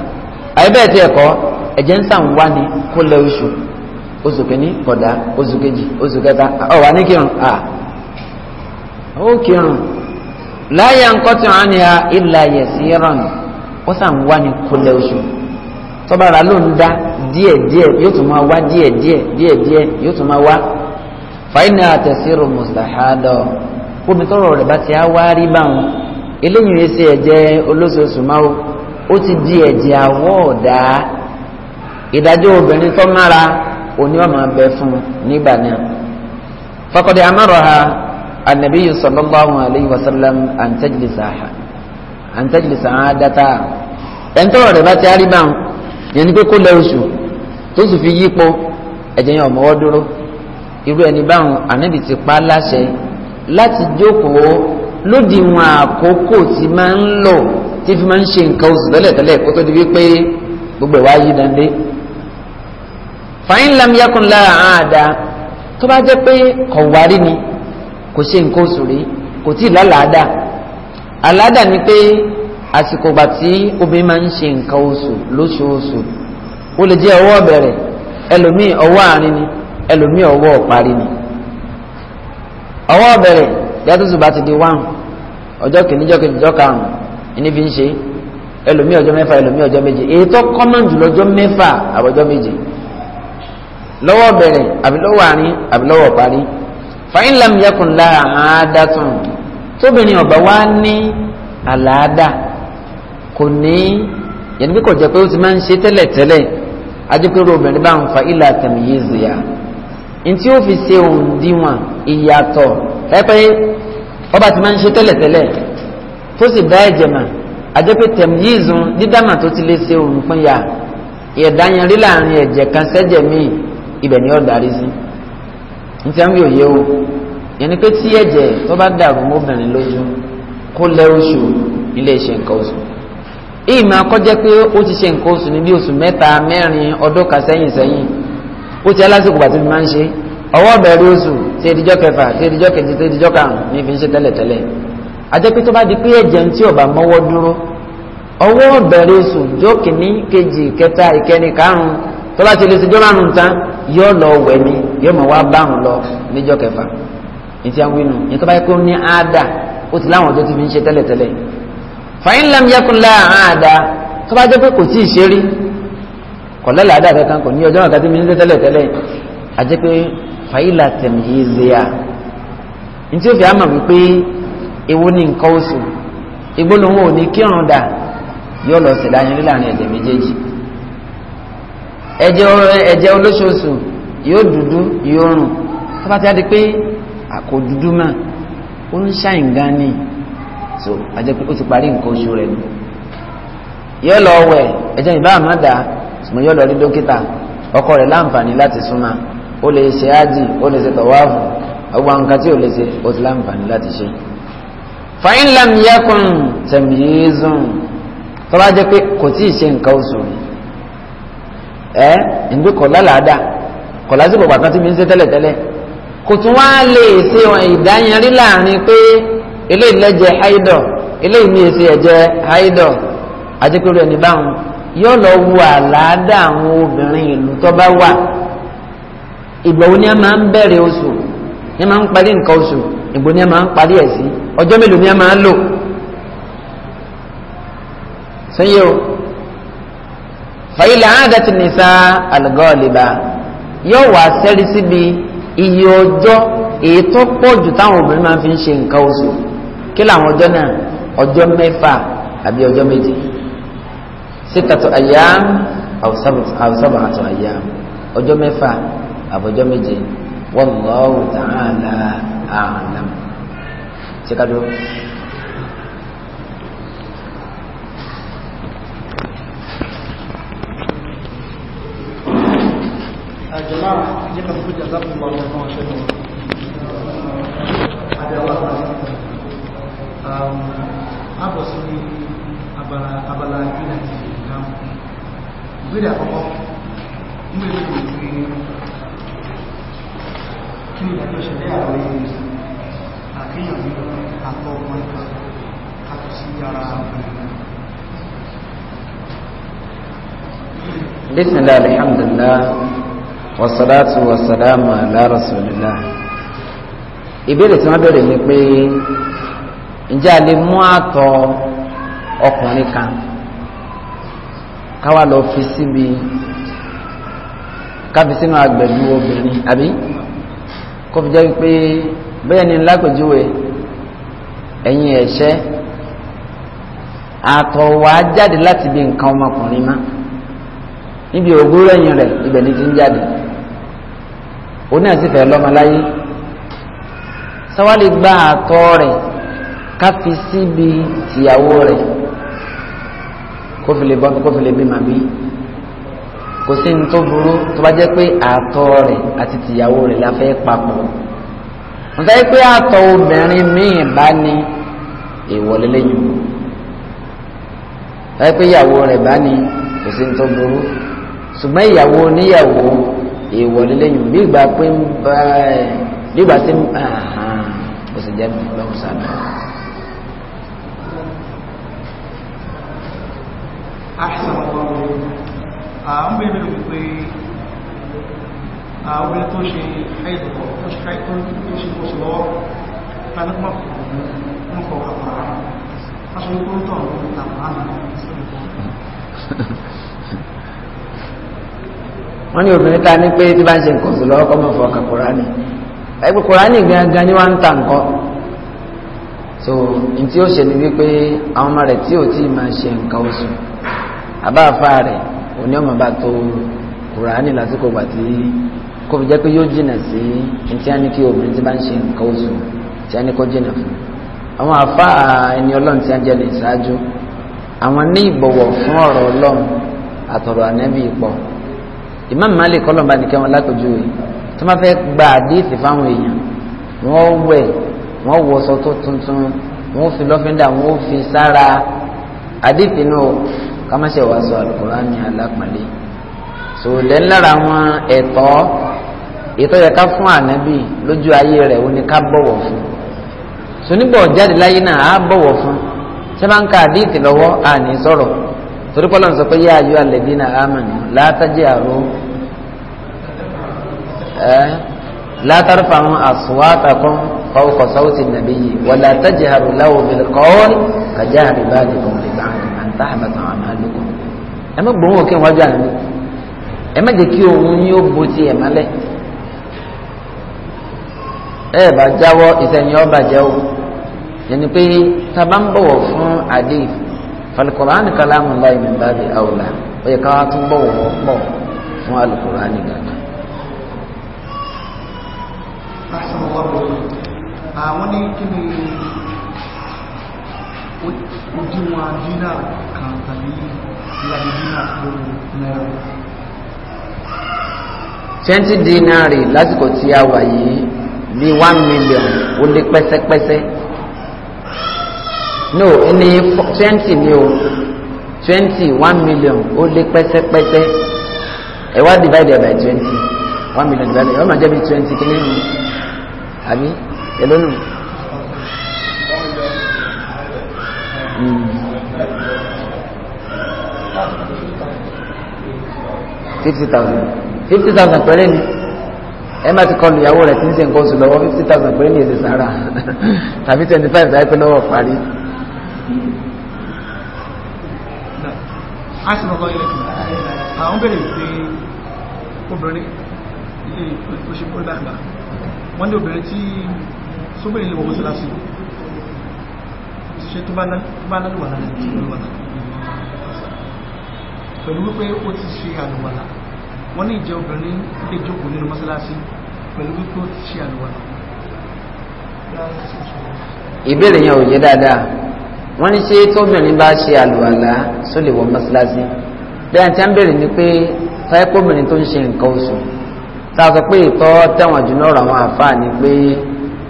Speaker 2: ebe eti eko ejensi amu gwa ni kole osu o so pe ni koda ozu geji ozu keta o wa nikirun ha o kirun laayan kochi onani a ilaye si ranu ko sa n gwa osu to bara loni da yotu ma wa die die die die yotu ma wa fahim ni a tesoro musta hada o wo mito eléyìí ń ṣe ẹ̀jẹ̀ olóṣooṣù máa ó ó ti di ẹ̀jẹ̀ àwọ̀ ọ̀dà ìdájọ́ obìnrin tó mára òní ọ̀mà bẹ fún nígbà náà faqad amaraha an-nabiyyu sallallahu alayhi wa sallam an tajlisaha an tajlisaha dátà ẹ̀ńtọ́rọ̀ rẹ̀ bá ti á rí yẹn ni pé kó lẹ oṣù tó sì fi yípo ẹ̀jẹ̀ yẹn ọ̀mọ́wọ́ dúró irú ẹni báwọn ànábì ti pa á láṣẹ láti jókòó lódiwọ̀n àkókò tí máa ń lò tí fi máa ń ṣe nǹkan oṣù tẹ́lẹ̀tẹ́lẹ̀ kó tó di wípé gbogbo ẹ̀ wá yí dandé. fàyín lam yakun lára àádá tó bá jẹ́ pé kọ̀wárí ni kò ṣe nǹkan oṣù rí kò tí ì lálàádà àládà ni pé àsìkò gbà tí obìnrin máa ń ṣe nǹkan oṣù lóṣooṣù ó lè jẹ́ ọwọ́ bẹ̀rẹ̀ ẹlòmíì ọwọ́ àárín ni ẹlòmíì ọwọ́ ọ̀parí ni ọwọ́ bẹ̀rẹ̀ yàtọ̀ tó bá ti di wáhùn ọjọ́ kìíní ọjọ́ kejì ọjọ́ karùn-ún ẹni fi ń ṣe ẹlòmíì ọjọ́ mẹ́fà ẹlòmíì ọjọ́ méje èyí tó kọ́mọ̀ jùlọ ọjọ́ mẹ́fà àbọ̀jọ́ méje lọ́wọ́ bẹ̀rẹ̀ àbí lọ́wọ́ àárín àbí lọ́wọ́ parí fàyín lam yakun lára àádátùn tóbìnrin ọ̀bà wa ní àlàáda kò ní yẹn bí kò jẹ́ pé ó ti máa ń ṣe tẹ́lẹ̀tẹ́lẹ̀ ajẹ́pẹ́rẹ́ obìnrin bá ń fa ilà tẹ̀míyé zìyà ntí ó fi ṣe òǹdíwọ̀n ìyàtọ̀ pẹ́pẹ́ ọba ti máa ń ṣe tẹ́lẹ̀tẹ́lẹ̀ tó sì dá ẹ̀jẹ̀ mà àjẹpẹ́ tẹ̀míyìzùn dídámà tó ti lè ṣe òun fún ya ìyẹ̀dáyanrí láàrin ẹ̀jẹ̀ kan sẹ́jẹ̀ míì ibẹ̀ ni ó darí sí ní tí wọ́n bí òye o yẹnni pé tí ẹ̀jẹ̀ tó bá dàrú mọ́bìnrin lójú kó lẹ́ oṣù ilé iṣẹ́ nǹkan oṣù èyí máa kọjá pé ó ti ṣe nǹkan oṣù ní bí oṣù mẹ́ta mẹ́rin ọdún kan sẹ́yìn sẹ́yìn ó ti alásìkò bàtí mi máa ń ṣe é ọwọ́ bẹ̀rẹ̀ oṣù tí ìdíjọ́ kẹfà tí ìdíjọ́ kẹjì tí ìdíjọ́ karùn ní fi ń ṣe tẹ́lẹ̀tẹ́lẹ̀ ajẹ́ pé tó bá di pé ẹ̀jẹ̀ tí ò bá mọ́wọ́ dúró ọwọ́ bẹ̀rẹ̀ oṣù jọ́ kìíní kejì kẹta ìkẹni karùn tó bá ti lè ṣe jọ́lá nù tán yóò lọ wẹ̀ ni yóò mọ̀ wá báhùn lọ níjọ́ kẹfà ìtì àwọn inú ni tó bá yẹ kó ní àádá ó ti láwọn ọjọ́ ti fi ń ṣe tẹ́lẹ̀tẹ́lẹ̀ fàyín lam yakun la àádá tó bá jẹ́ pé kò tí ì ṣe rí fàyílà tẹ̀míyézéà ntí ó fi àmà wípé ewu ní nǹkan oṣù ìgbóhùn ò ní kírun dà yóò lọ sí dáyẹn láàrin ẹ̀jẹ̀ méjèèjì ẹ̀jẹ̀ ẹ̀jẹ̀ olóṣooṣù yóò dúdú yóò rùn tó bá pé àkó dúdú mà ó ń ṣàyìn gan ni so àjẹ́ pé ó ti parí nǹkan oṣù rẹ̀ nù yóò lọ wẹ̀ ẹ̀jẹ̀ ìbá àmàdà ṣùgbọ́n yóò lọ rí dókítà ọkọ rẹ̀ láǹfààní láti súnmọ́ o lè ṣe ájì o lè ṣe tọ̀wáàfù ọgbà nǹkan tí ó lè ṣe o ti láǹfààní láti ṣe. fàyín lam yakun tẹ̀míyézùn tó jẹ́ pé kò tí ṣe nǹkan oṣù rẹ̀ ẹ́ ìgbé kọ̀ lálàáda kọ̀ lásìkò pàtàkì tí mi ń ṣe tẹ́lẹ̀tẹ́lẹ̀ kò tún wá lè ṣe ìdáyanrí láàrin pé eléyìí lẹ́jẹ̀ haidọ̀ eléyìí ní èsì ẹ̀jẹ̀ haidọ̀ àti pé báwọn yóò lọ àwọn obìnrin ìgbà wo ni a máa ń bẹ̀rẹ̀ oṣù ni a máa ń parí nǹkan oṣù ìgbà wo ni a máa ń parí ẹ̀ sí ọjọ́ mélòó ni a máa ń lò sẹ́yìn o fàyílẹ̀ àádọ́tì nìsa àlùgọ́ọ̀lìbà yóò wá sẹ́rí síbi iye ọjọ́ èyí tó pọ̀ jù táwọn obìnrin máa fi ń ṣe nǹkan oṣù kí làwọn ọjọ́ náà ọjọ́ mẹ́fà àbí ọjọ́ méje sítàtò àyà àwùsábàtò àyà ọjọ́ mẹ́fà àbọ̀jọ́ méje wallahu ta'ala a'lam síkádó.
Speaker 1: جماعة يقف كل جزاكم الله خيرا
Speaker 3: شكرا àbọ̀ sí ní abala ìpínlẹ̀ ìdáhùn بسم
Speaker 2: الله الحمد لله والصلاة والسلام على رسول الله ìbéèrè tí wọ́n béèrè ni pé ǹjẹ́ a lè mú àtọ̀ ọkùnrin kan káwa lọ fi síbi káfi sínú agbẹ̀lú obìnrin àbí kó fi pé bẹ́ẹ̀ ni lápèjúwe ẹ̀yin ẹ̀ṣẹ́ àtọ̀ wá jáde láti bí nǹkan ọmọkùnrin má níbi òwúrọ̀ ẹ̀yìn rẹ̀ ibẹ̀ ni ti ń jáde oní àsìfẹ́ lọ́mọ láyé sáwálì gba àtọ̀ rẹ̀ ká síbi tìyàwó rẹ̀ kó bọ́ kó fi lè kò sí ní tó burú tó bá jẹ́ pé àtọ̀ rẹ̀ àti tìyàwó rẹ̀ la fẹ́ papọ̀ wọ́n sáré pé àtọ̀ obìnrin míì bá ní ìwọlé lẹ́yìn o sáré pé ìyàwó rẹ̀ bá ní kò sí ní tó burú ṣùgbọ́n ìyàwó oníyàwó ìwọlé lẹ́yìn bí ìgbà pé ń bá ẹ bí ìgbà tí kò sì jẹ́ lọ́wọ́ sábà.
Speaker 3: أحسن الله إليكم à
Speaker 1: ń bèèrè wípé àwọn tó ṣe àìdọ̀kọ̀ tó ṣe àìkọ́ tó ṣe kọ́ lọ́wọ́ tánúkọ́ fún ọkọ̀ àpàá
Speaker 3: aṣọ ikú tọ̀ lórí àpàá
Speaker 2: wọ́n ní obìnrin ta ní pé tí bá ń ṣe nǹkan sùn lọ́wọ́ kọ́ mọ́ kùránì ẹgbẹ́ kùránì gangan ni wọ́n ń ta nǹkan so n tí ó ṣe ni wípé àwọn ọmọ rẹ̀ tí ò tí ì máa ṣe nǹkan oṣù àbáfáà rẹ̀ oní ọmọ bá tó kùránì lásìkò gbà tí kò fi jẹ́ pé yóò jìnà sí ntí a ní kí obìnrin ti bá ń ṣe nǹkan oṣù tí a ní kó jìnà fún àwọn àfa ẹni ọlọ́run tí jẹ́ lè ṣáájú àwọn ní ìbọ̀wọ̀ fún ọ̀rọ̀ ọlọ́run àtọ̀rọ̀ ànábì pọ̀ Imam Malik kọ́lọ́mbà nìkẹ́ wọn lápèjúwe tó máa fẹ́ gba àdéhìsì fáwọn èèyàn wọ́n wẹ̀ wọ́n wọṣọ tó tuntun wọ́n fi lọ́fíńdà wọ́n fi sára àdéhìsì náà kámẹ́sẹ̀ wá sọ alukurani alápàlẹ́ so lẹ́nu lára àwọn ẹ̀tọ́ ètò yẹ ká fún ànábì lójú ayé rẹ̀ ó ní ká bọ̀wọ̀ fún so nígbà ọ̀jáde láyé náà á bọ̀wọ̀ fún ṣé máa ń ka àdéhìtì lọ́wọ́ àní sọ̀rọ̀ torí pọ́lọ́ sọ pé yá ayọ́ alẹ́bí náà amanu la tajharu la tarfa'u aswatakum fawqa sawti an-nabiyyi wa la tajharu lahu bil qawl kajahri ba'dikum li ba'din an tahbata ẹ má gbóhùn òkè wájú àná ẹ má jẹ́ kí òun yín ó bo ti ẹ̀ mọ́lẹ̀ ẹ bá jáwọ́ ìsẹ̀yìn ọba jẹ́ o yẹni pé tábà ń bọ̀wọ̀ fún adé falikọ̀ránì kalamu láì ní báyìí àwòlá ó yẹ ká wá tún bọ̀wọ̀ pọ̀ fún alukọ̀ránì gàdá.
Speaker 1: àwọn ní kí ni òdiwọ̀n dínà kan tàbí ìlànà lórí náírà
Speaker 2: twenty dinari lásìkò tí a wà yìí bí one million ó lé pẹ́sẹ́pẹ́sẹ́ no ní twenty ni o twenty one million ó lé pẹ́sẹ́pẹ́sẹ́ ẹ wá divide by twenty one million divided by ọmọ jẹ́ twenty kìíní àbí ẹ lónìí.
Speaker 3: fifty
Speaker 2: thousand fifty thousand pẹ̀lẹ́ ni ẹ má ti kọlu ìyàwó rẹ̀ tí ń ṣe nǹkan oṣù lọ́wọ́ fifty thousand pẹ̀lẹ́ ni èsì sára tàbí twenty five tàbí pẹ̀lú ọwọ́ parí.
Speaker 1: a sì lọ́kọ́ ilé àwọn bèrè pé obìnrin ilé oṣù kúrò dàgbà wọ́n ní obìnrin tí sóbìnrin lè wọ́n mọ́sálásí ṣe tó bá lálùwàlá lè kí lálùwàlá pẹ̀lú wípé ó ti ṣe àlùwàlá wọ́n ní ìjẹ́ obìnrin lè jókòó nínú mọ́sálásí pẹ̀lú wípé ó ti ṣe àlùwàlá
Speaker 2: ìbéèrè yẹn ò yé dáadáa wọ́n ní ṣé tóbìnrin bá ṣe àlùwàlá só lè wọ mọ́sálásí bẹ́ẹ̀ tí a ń béèrè ni pé táyẹ́pọ̀bìnrin tó ń ṣe nǹkan oṣù tá a sọ pé ìtọ́ tẹ̀wọ̀n jù náà rà wọn àfáà ni pé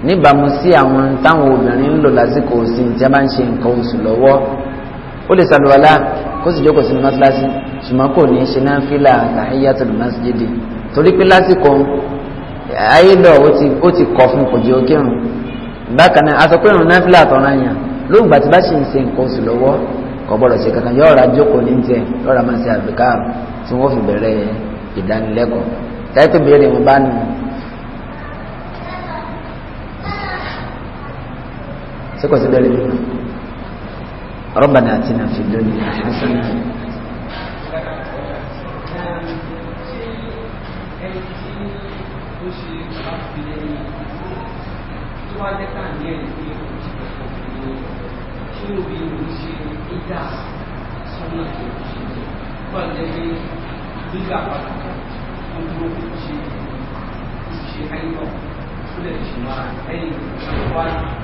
Speaker 2: níbàámu sí àwọn táwọn obìnrin ń lò lásìkò òsì tí a máa ń ṣe nǹkan oṣù lọ́wọ́ ó lè ṣàlùwàlá kó sì jókòó sínú mọ́sálásí ṣùgbọ́n kò ní í ṣe náfìlà tahiyatul masjidi torí pé lásìkò ayédọ̀ ó ti kọ̀ fún kò jẹ́ òkèrùn bákan náà aṣọ pé ìrun náfìlà àtọ̀ràn yàn lóògbà bá ṣì ń ṣe nǹkan oṣù lọ́wọ́ kò gbọ́dọ̀ ṣe kankan yóò sí kò sí bẹ́ẹ̀ lè Rabbana atina fid dunya hasanah.
Speaker 3: Thank you.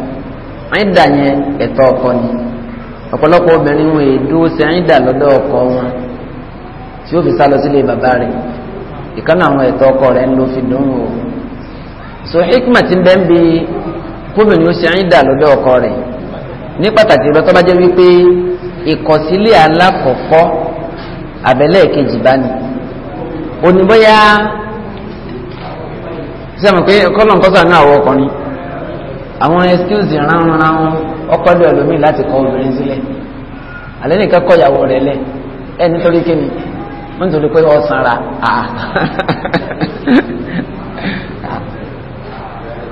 Speaker 2: àyídà yẹn ẹ̀tọ́ ọkọ ni ọ̀pọ̀lọpọ̀ obìnrin wọn èdúró sí àyídà lọ́dọ̀ ọkọ wọn tí ó fi sá lọ sílé bàbá rẹ̀ ìkànnà àwọn ẹ̀tọ́ ọkọ rẹ̀ ń lo fi dùn o so hikma ti bẹ́ẹ̀ ń bi kóbìnrin ó ṣe lọ́dọ̀ ọkọ rẹ̀ ní pàtàkì bá jẹ́ wípé ìkọ̀sílẹ̀ alákọ̀ọ́kọ́ àbẹ̀lẹ̀ kejì bá ní sẹ́mi pé àwọn excuse ránranran ọkọ lé ẹlòmíì láti kọ obìnrin sílẹ̀ alẹ́ nìkan kọ ìyàwó rẹ̀ lẹ̀ ẹ nítorí kíni wọ́n nítorí pé ọ sanra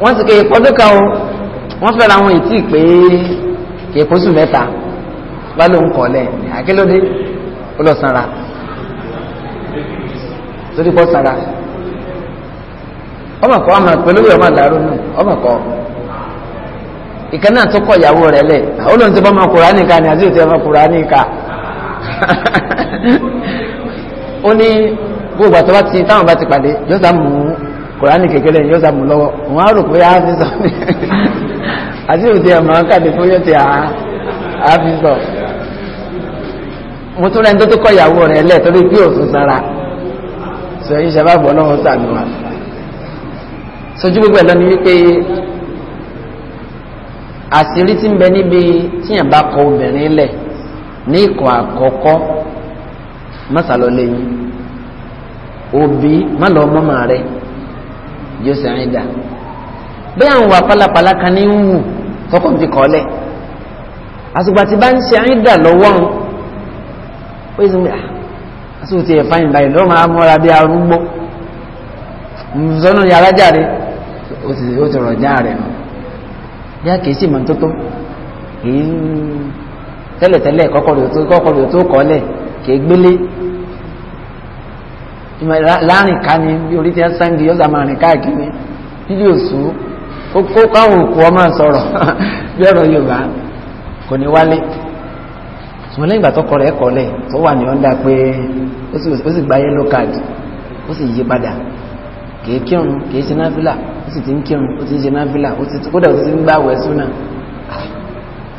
Speaker 2: wọ́n sì kéèké ọdún kan o wọ́n fẹ́ra àwọn ètí pé kéèkó sùn mẹ́ta bá ló ń kọ́ lẹ̀ àkélódé ó lọ sanra torí pọ́ sanra
Speaker 3: ọmọ kọ́ ọmọ pẹ̀lú ìwé ọmọ àdàrú náà
Speaker 2: ọmọ kọ́ ìkan náà tó kọ ìyàwó rẹ̀ lẹ̀ olóhùn ti bá ọmọ kùránì ká ni àti òtí ọmọ kùránì ká ó ní gbogbo àti ọba ti táwọn bá ti pàdé yóò sá mú kùránì kékeré yóò sá mú lọ́wọ́ wọn á rò pé á ti sọ ní àti òtí ọmọ káàdì fún yóò ti á fi sọ mo tún rẹ̀ ń tó tó ìyàwó rẹ̀ lẹ̀ torí pé òsùn sara sọ yìí ṣe bá gbọ́ lọ́wọ́ wa sojú gbogbo ẹ̀ lọ ni wípé àṣírí tí ń bẹ níbi tíyàn bá kọ obìnrin lẹ̀ ní ikọ̀ àkọ́kọ́ mọ́sálọ́lẹ̀ yìí òbí má lọ mọ́mọ́ rẹ̀ yóò sì rìn dà bí àwọn wà pálapàla kan ní ń wù tọkọ̀ fi kọ́ lẹ̀ àsùgbà tí bá ń ṣe rìn lọ́wọ́ ń ó sì ń bẹ tí ẹ̀ fáyìn báyìí lọ́wọ́ máa mọ́ra bí arúgbó ǹzọ́nù yàrá jáde ó ti rọ̀ já nù. ya kìí sì mọ̀ tótó kìí tẹ́lẹ̀tẹ́lẹ̀ kọ́kọ́rọ́ tó tó kọ́lẹ̀ kìí gbélé láàrin ká ni bí orí ti ń sáńgì yọ́sà máa rìn káàkiri níbi òsù ó kó káwọn òkú ọmọ sọ̀rọ̀ bí ọ̀rọ̀ Yorùbá kò ní wálé ṣùgbọ́n lẹ́yìn ìgbà tọkọ rẹ̀ kọ́lẹ̀ tó wà ní ọ́ndà pé ó sì gba yellow ó sì yí padà kìí kírun kìí ó sì ti ń kírun ó ti ń ṣe náfìlà ó ti kódà ó ti ń gbà wẹ̀ súnà.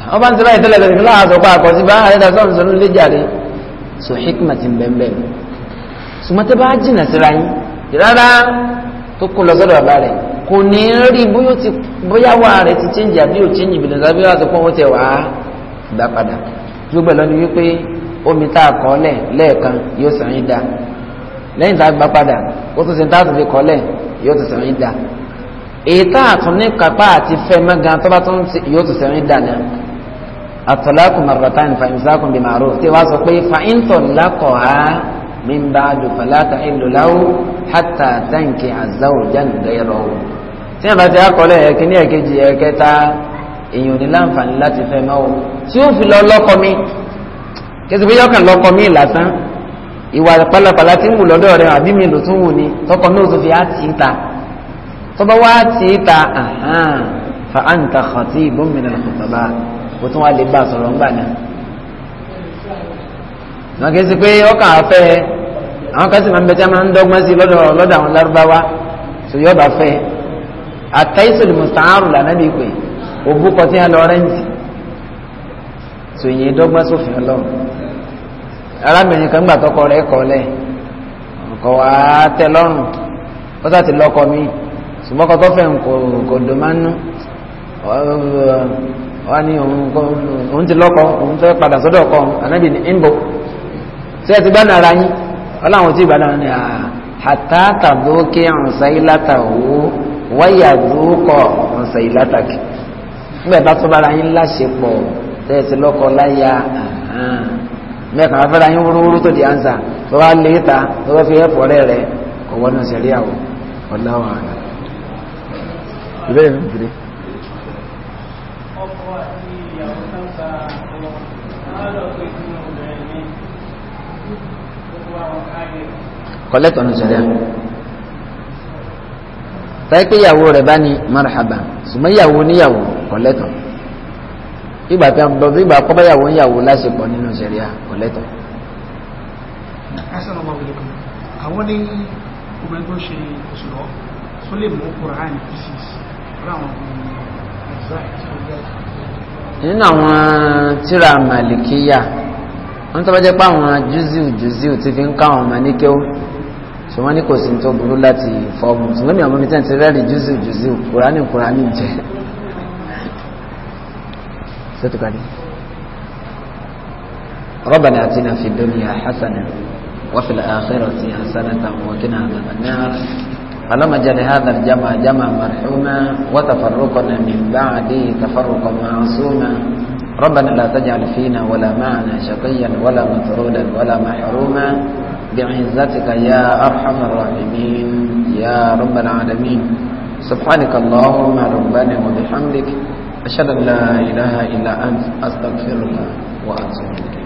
Speaker 2: Ah, wọ́n bá ń ṣe báyìí tẹ́lẹ̀ lọ́sìn láwọn àṣọ pa àkọsí bá àyẹ̀dá sọ́run sọ́run lé jàre so hikma ti bẹ́ẹ̀ bẹ́ẹ̀ sùmọ́tẹ́ bá jìnà síra yín rárá tó kó lọ sọ́dọ̀ bàbá rẹ̀ kò ní rí bóyá ti bóyá wà rẹ̀ ti change àbí ò change ìbìlẹ̀ sábẹ́ wà tó pọ́n ó tẹ̀ wá gbà gbà padà yóò tún sàn èyí tá a tún ní kápá àti fẹ́ mẹ́gan tó bá tún yóò tún sẹ́yìn dáná àtọ̀lákùn màrúbátà ní fàyínsàkùn bíi màrú tí wàá sọ pé fàyíntọ̀ lákọ̀ á mi ń bá àdùfàlátà ìlúláwù hàtà táǹkì àzáwò jánìgbẹ́rọ̀ o. tí a bá ti akọ̀lẹ̀ ẹ̀kíní ẹ̀kejì ẹ̀kẹta èèyàn ní láǹfààní láti fẹ́ mọ́ o tí ó fi lọ lọ́kọ mi kẹsì pé yọkàn lọ́kọ mi lásán ìwà pálapàla tí ń wù lọ́dọ̀ rẹ̀ àbí mi lò tún wù ni tọkọ náà tó fi á ti ta tó bá wá tì í ta fa anta khatibun min al-khutaba o tún wá lè bá a sọ̀rọ̀ ńgbà náà. wọn kì í sí pé ọkàn afẹ́ àwọn kan sì máa ń bẹ tí a máa ń dọ́gbọ́n sí lọ́dọ̀ lọ́dọ̀ àwọn lárúbáwá tó yọ bá fẹ́ mùsàárù lànà pé òbúkọ tí a lọ rẹ́ǹtì tó yẹ dọ́gbọ́n sófin ọlọ́run arábìnrin kan gbà tọkọ rẹ̀ kọ́ lẹ̀ ọkọ wa tẹ lọ́rùn ó sàti mi ṣùgbọ́n kọ́ tó fẹ́ kò dùn máa ń nú wá ní òun ti lọ́kọ òun fẹ́ padà sọ́dọ̀ ọkọ ànábì ní ìbò ṣé ẹ ti gbá nàra yín ọláwọn tí ìbàdàn ni àtà tàbókè ọ̀nsáìlátà owó wáyà dúkọ̀ ọ̀nsáìlátà kì nígbà bá tó bára yín láṣepọ̀ ṣé ẹ ti lọ́kọ láyà mẹ́ẹ̀kan afẹ́ra yín wúrúwúrú tó di ansa tó wá lé ta tó wá fi ẹ̀fọ́ rẹ̀ rẹ̀ kọ̀wọ́nù sẹ̀ríà wọ̀ ọ̀làwọ̀ àná ìbẹ́ ìrìn ìdílé
Speaker 3: kọlẹ́tọ̀ ní sẹ́rẹ́
Speaker 2: tàí pé ìyàwó rẹ̀ bá ní marhaba ṣùgbọ́n ìyàwó níyàwó kọlẹ́tọ̀ ìgbà tí a ń bọ̀ ìgbà kọ́báyàwó níyàwó láṣepọ̀ nínú sẹ́rẹ́ kọlẹ́tọ̀
Speaker 1: àwọn ní obìnrin tó ṣe òṣùlọ́ tó lè mú kùránì pieces
Speaker 2: nínú àwọn tíra màlìkíyà wọn tó bá jẹ́ pé àwọn júzíù júzíù ti fi ń ká àwọn ọmọ ní kéwú ṣùgbọ́n ní kò sí tó burú láti fọ́ọ̀mù ṣùgbọ́n ní ọmọ mi tẹ́ǹtì rẹ́ẹ̀dì júzíù júzíù kùránì kùránì jẹ́ sẹ́tùkàdé rọ́bàlì àti nàfi dóníyà hasanà wàfìlà ti فلما جل هذا الجمع جمع مرحوما وتفرقنا من بعده تفرقا معصوما ربنا لا تجعل فينا ولا معنا شقيا ولا مطرودا ولا محروما بعزتك يا أرحم الراحمين يا رب العالمين سبحانك اللهم ربنا وبحمدك أشهد أن لا إله إلا أنت أستغفرك وأتوب إليك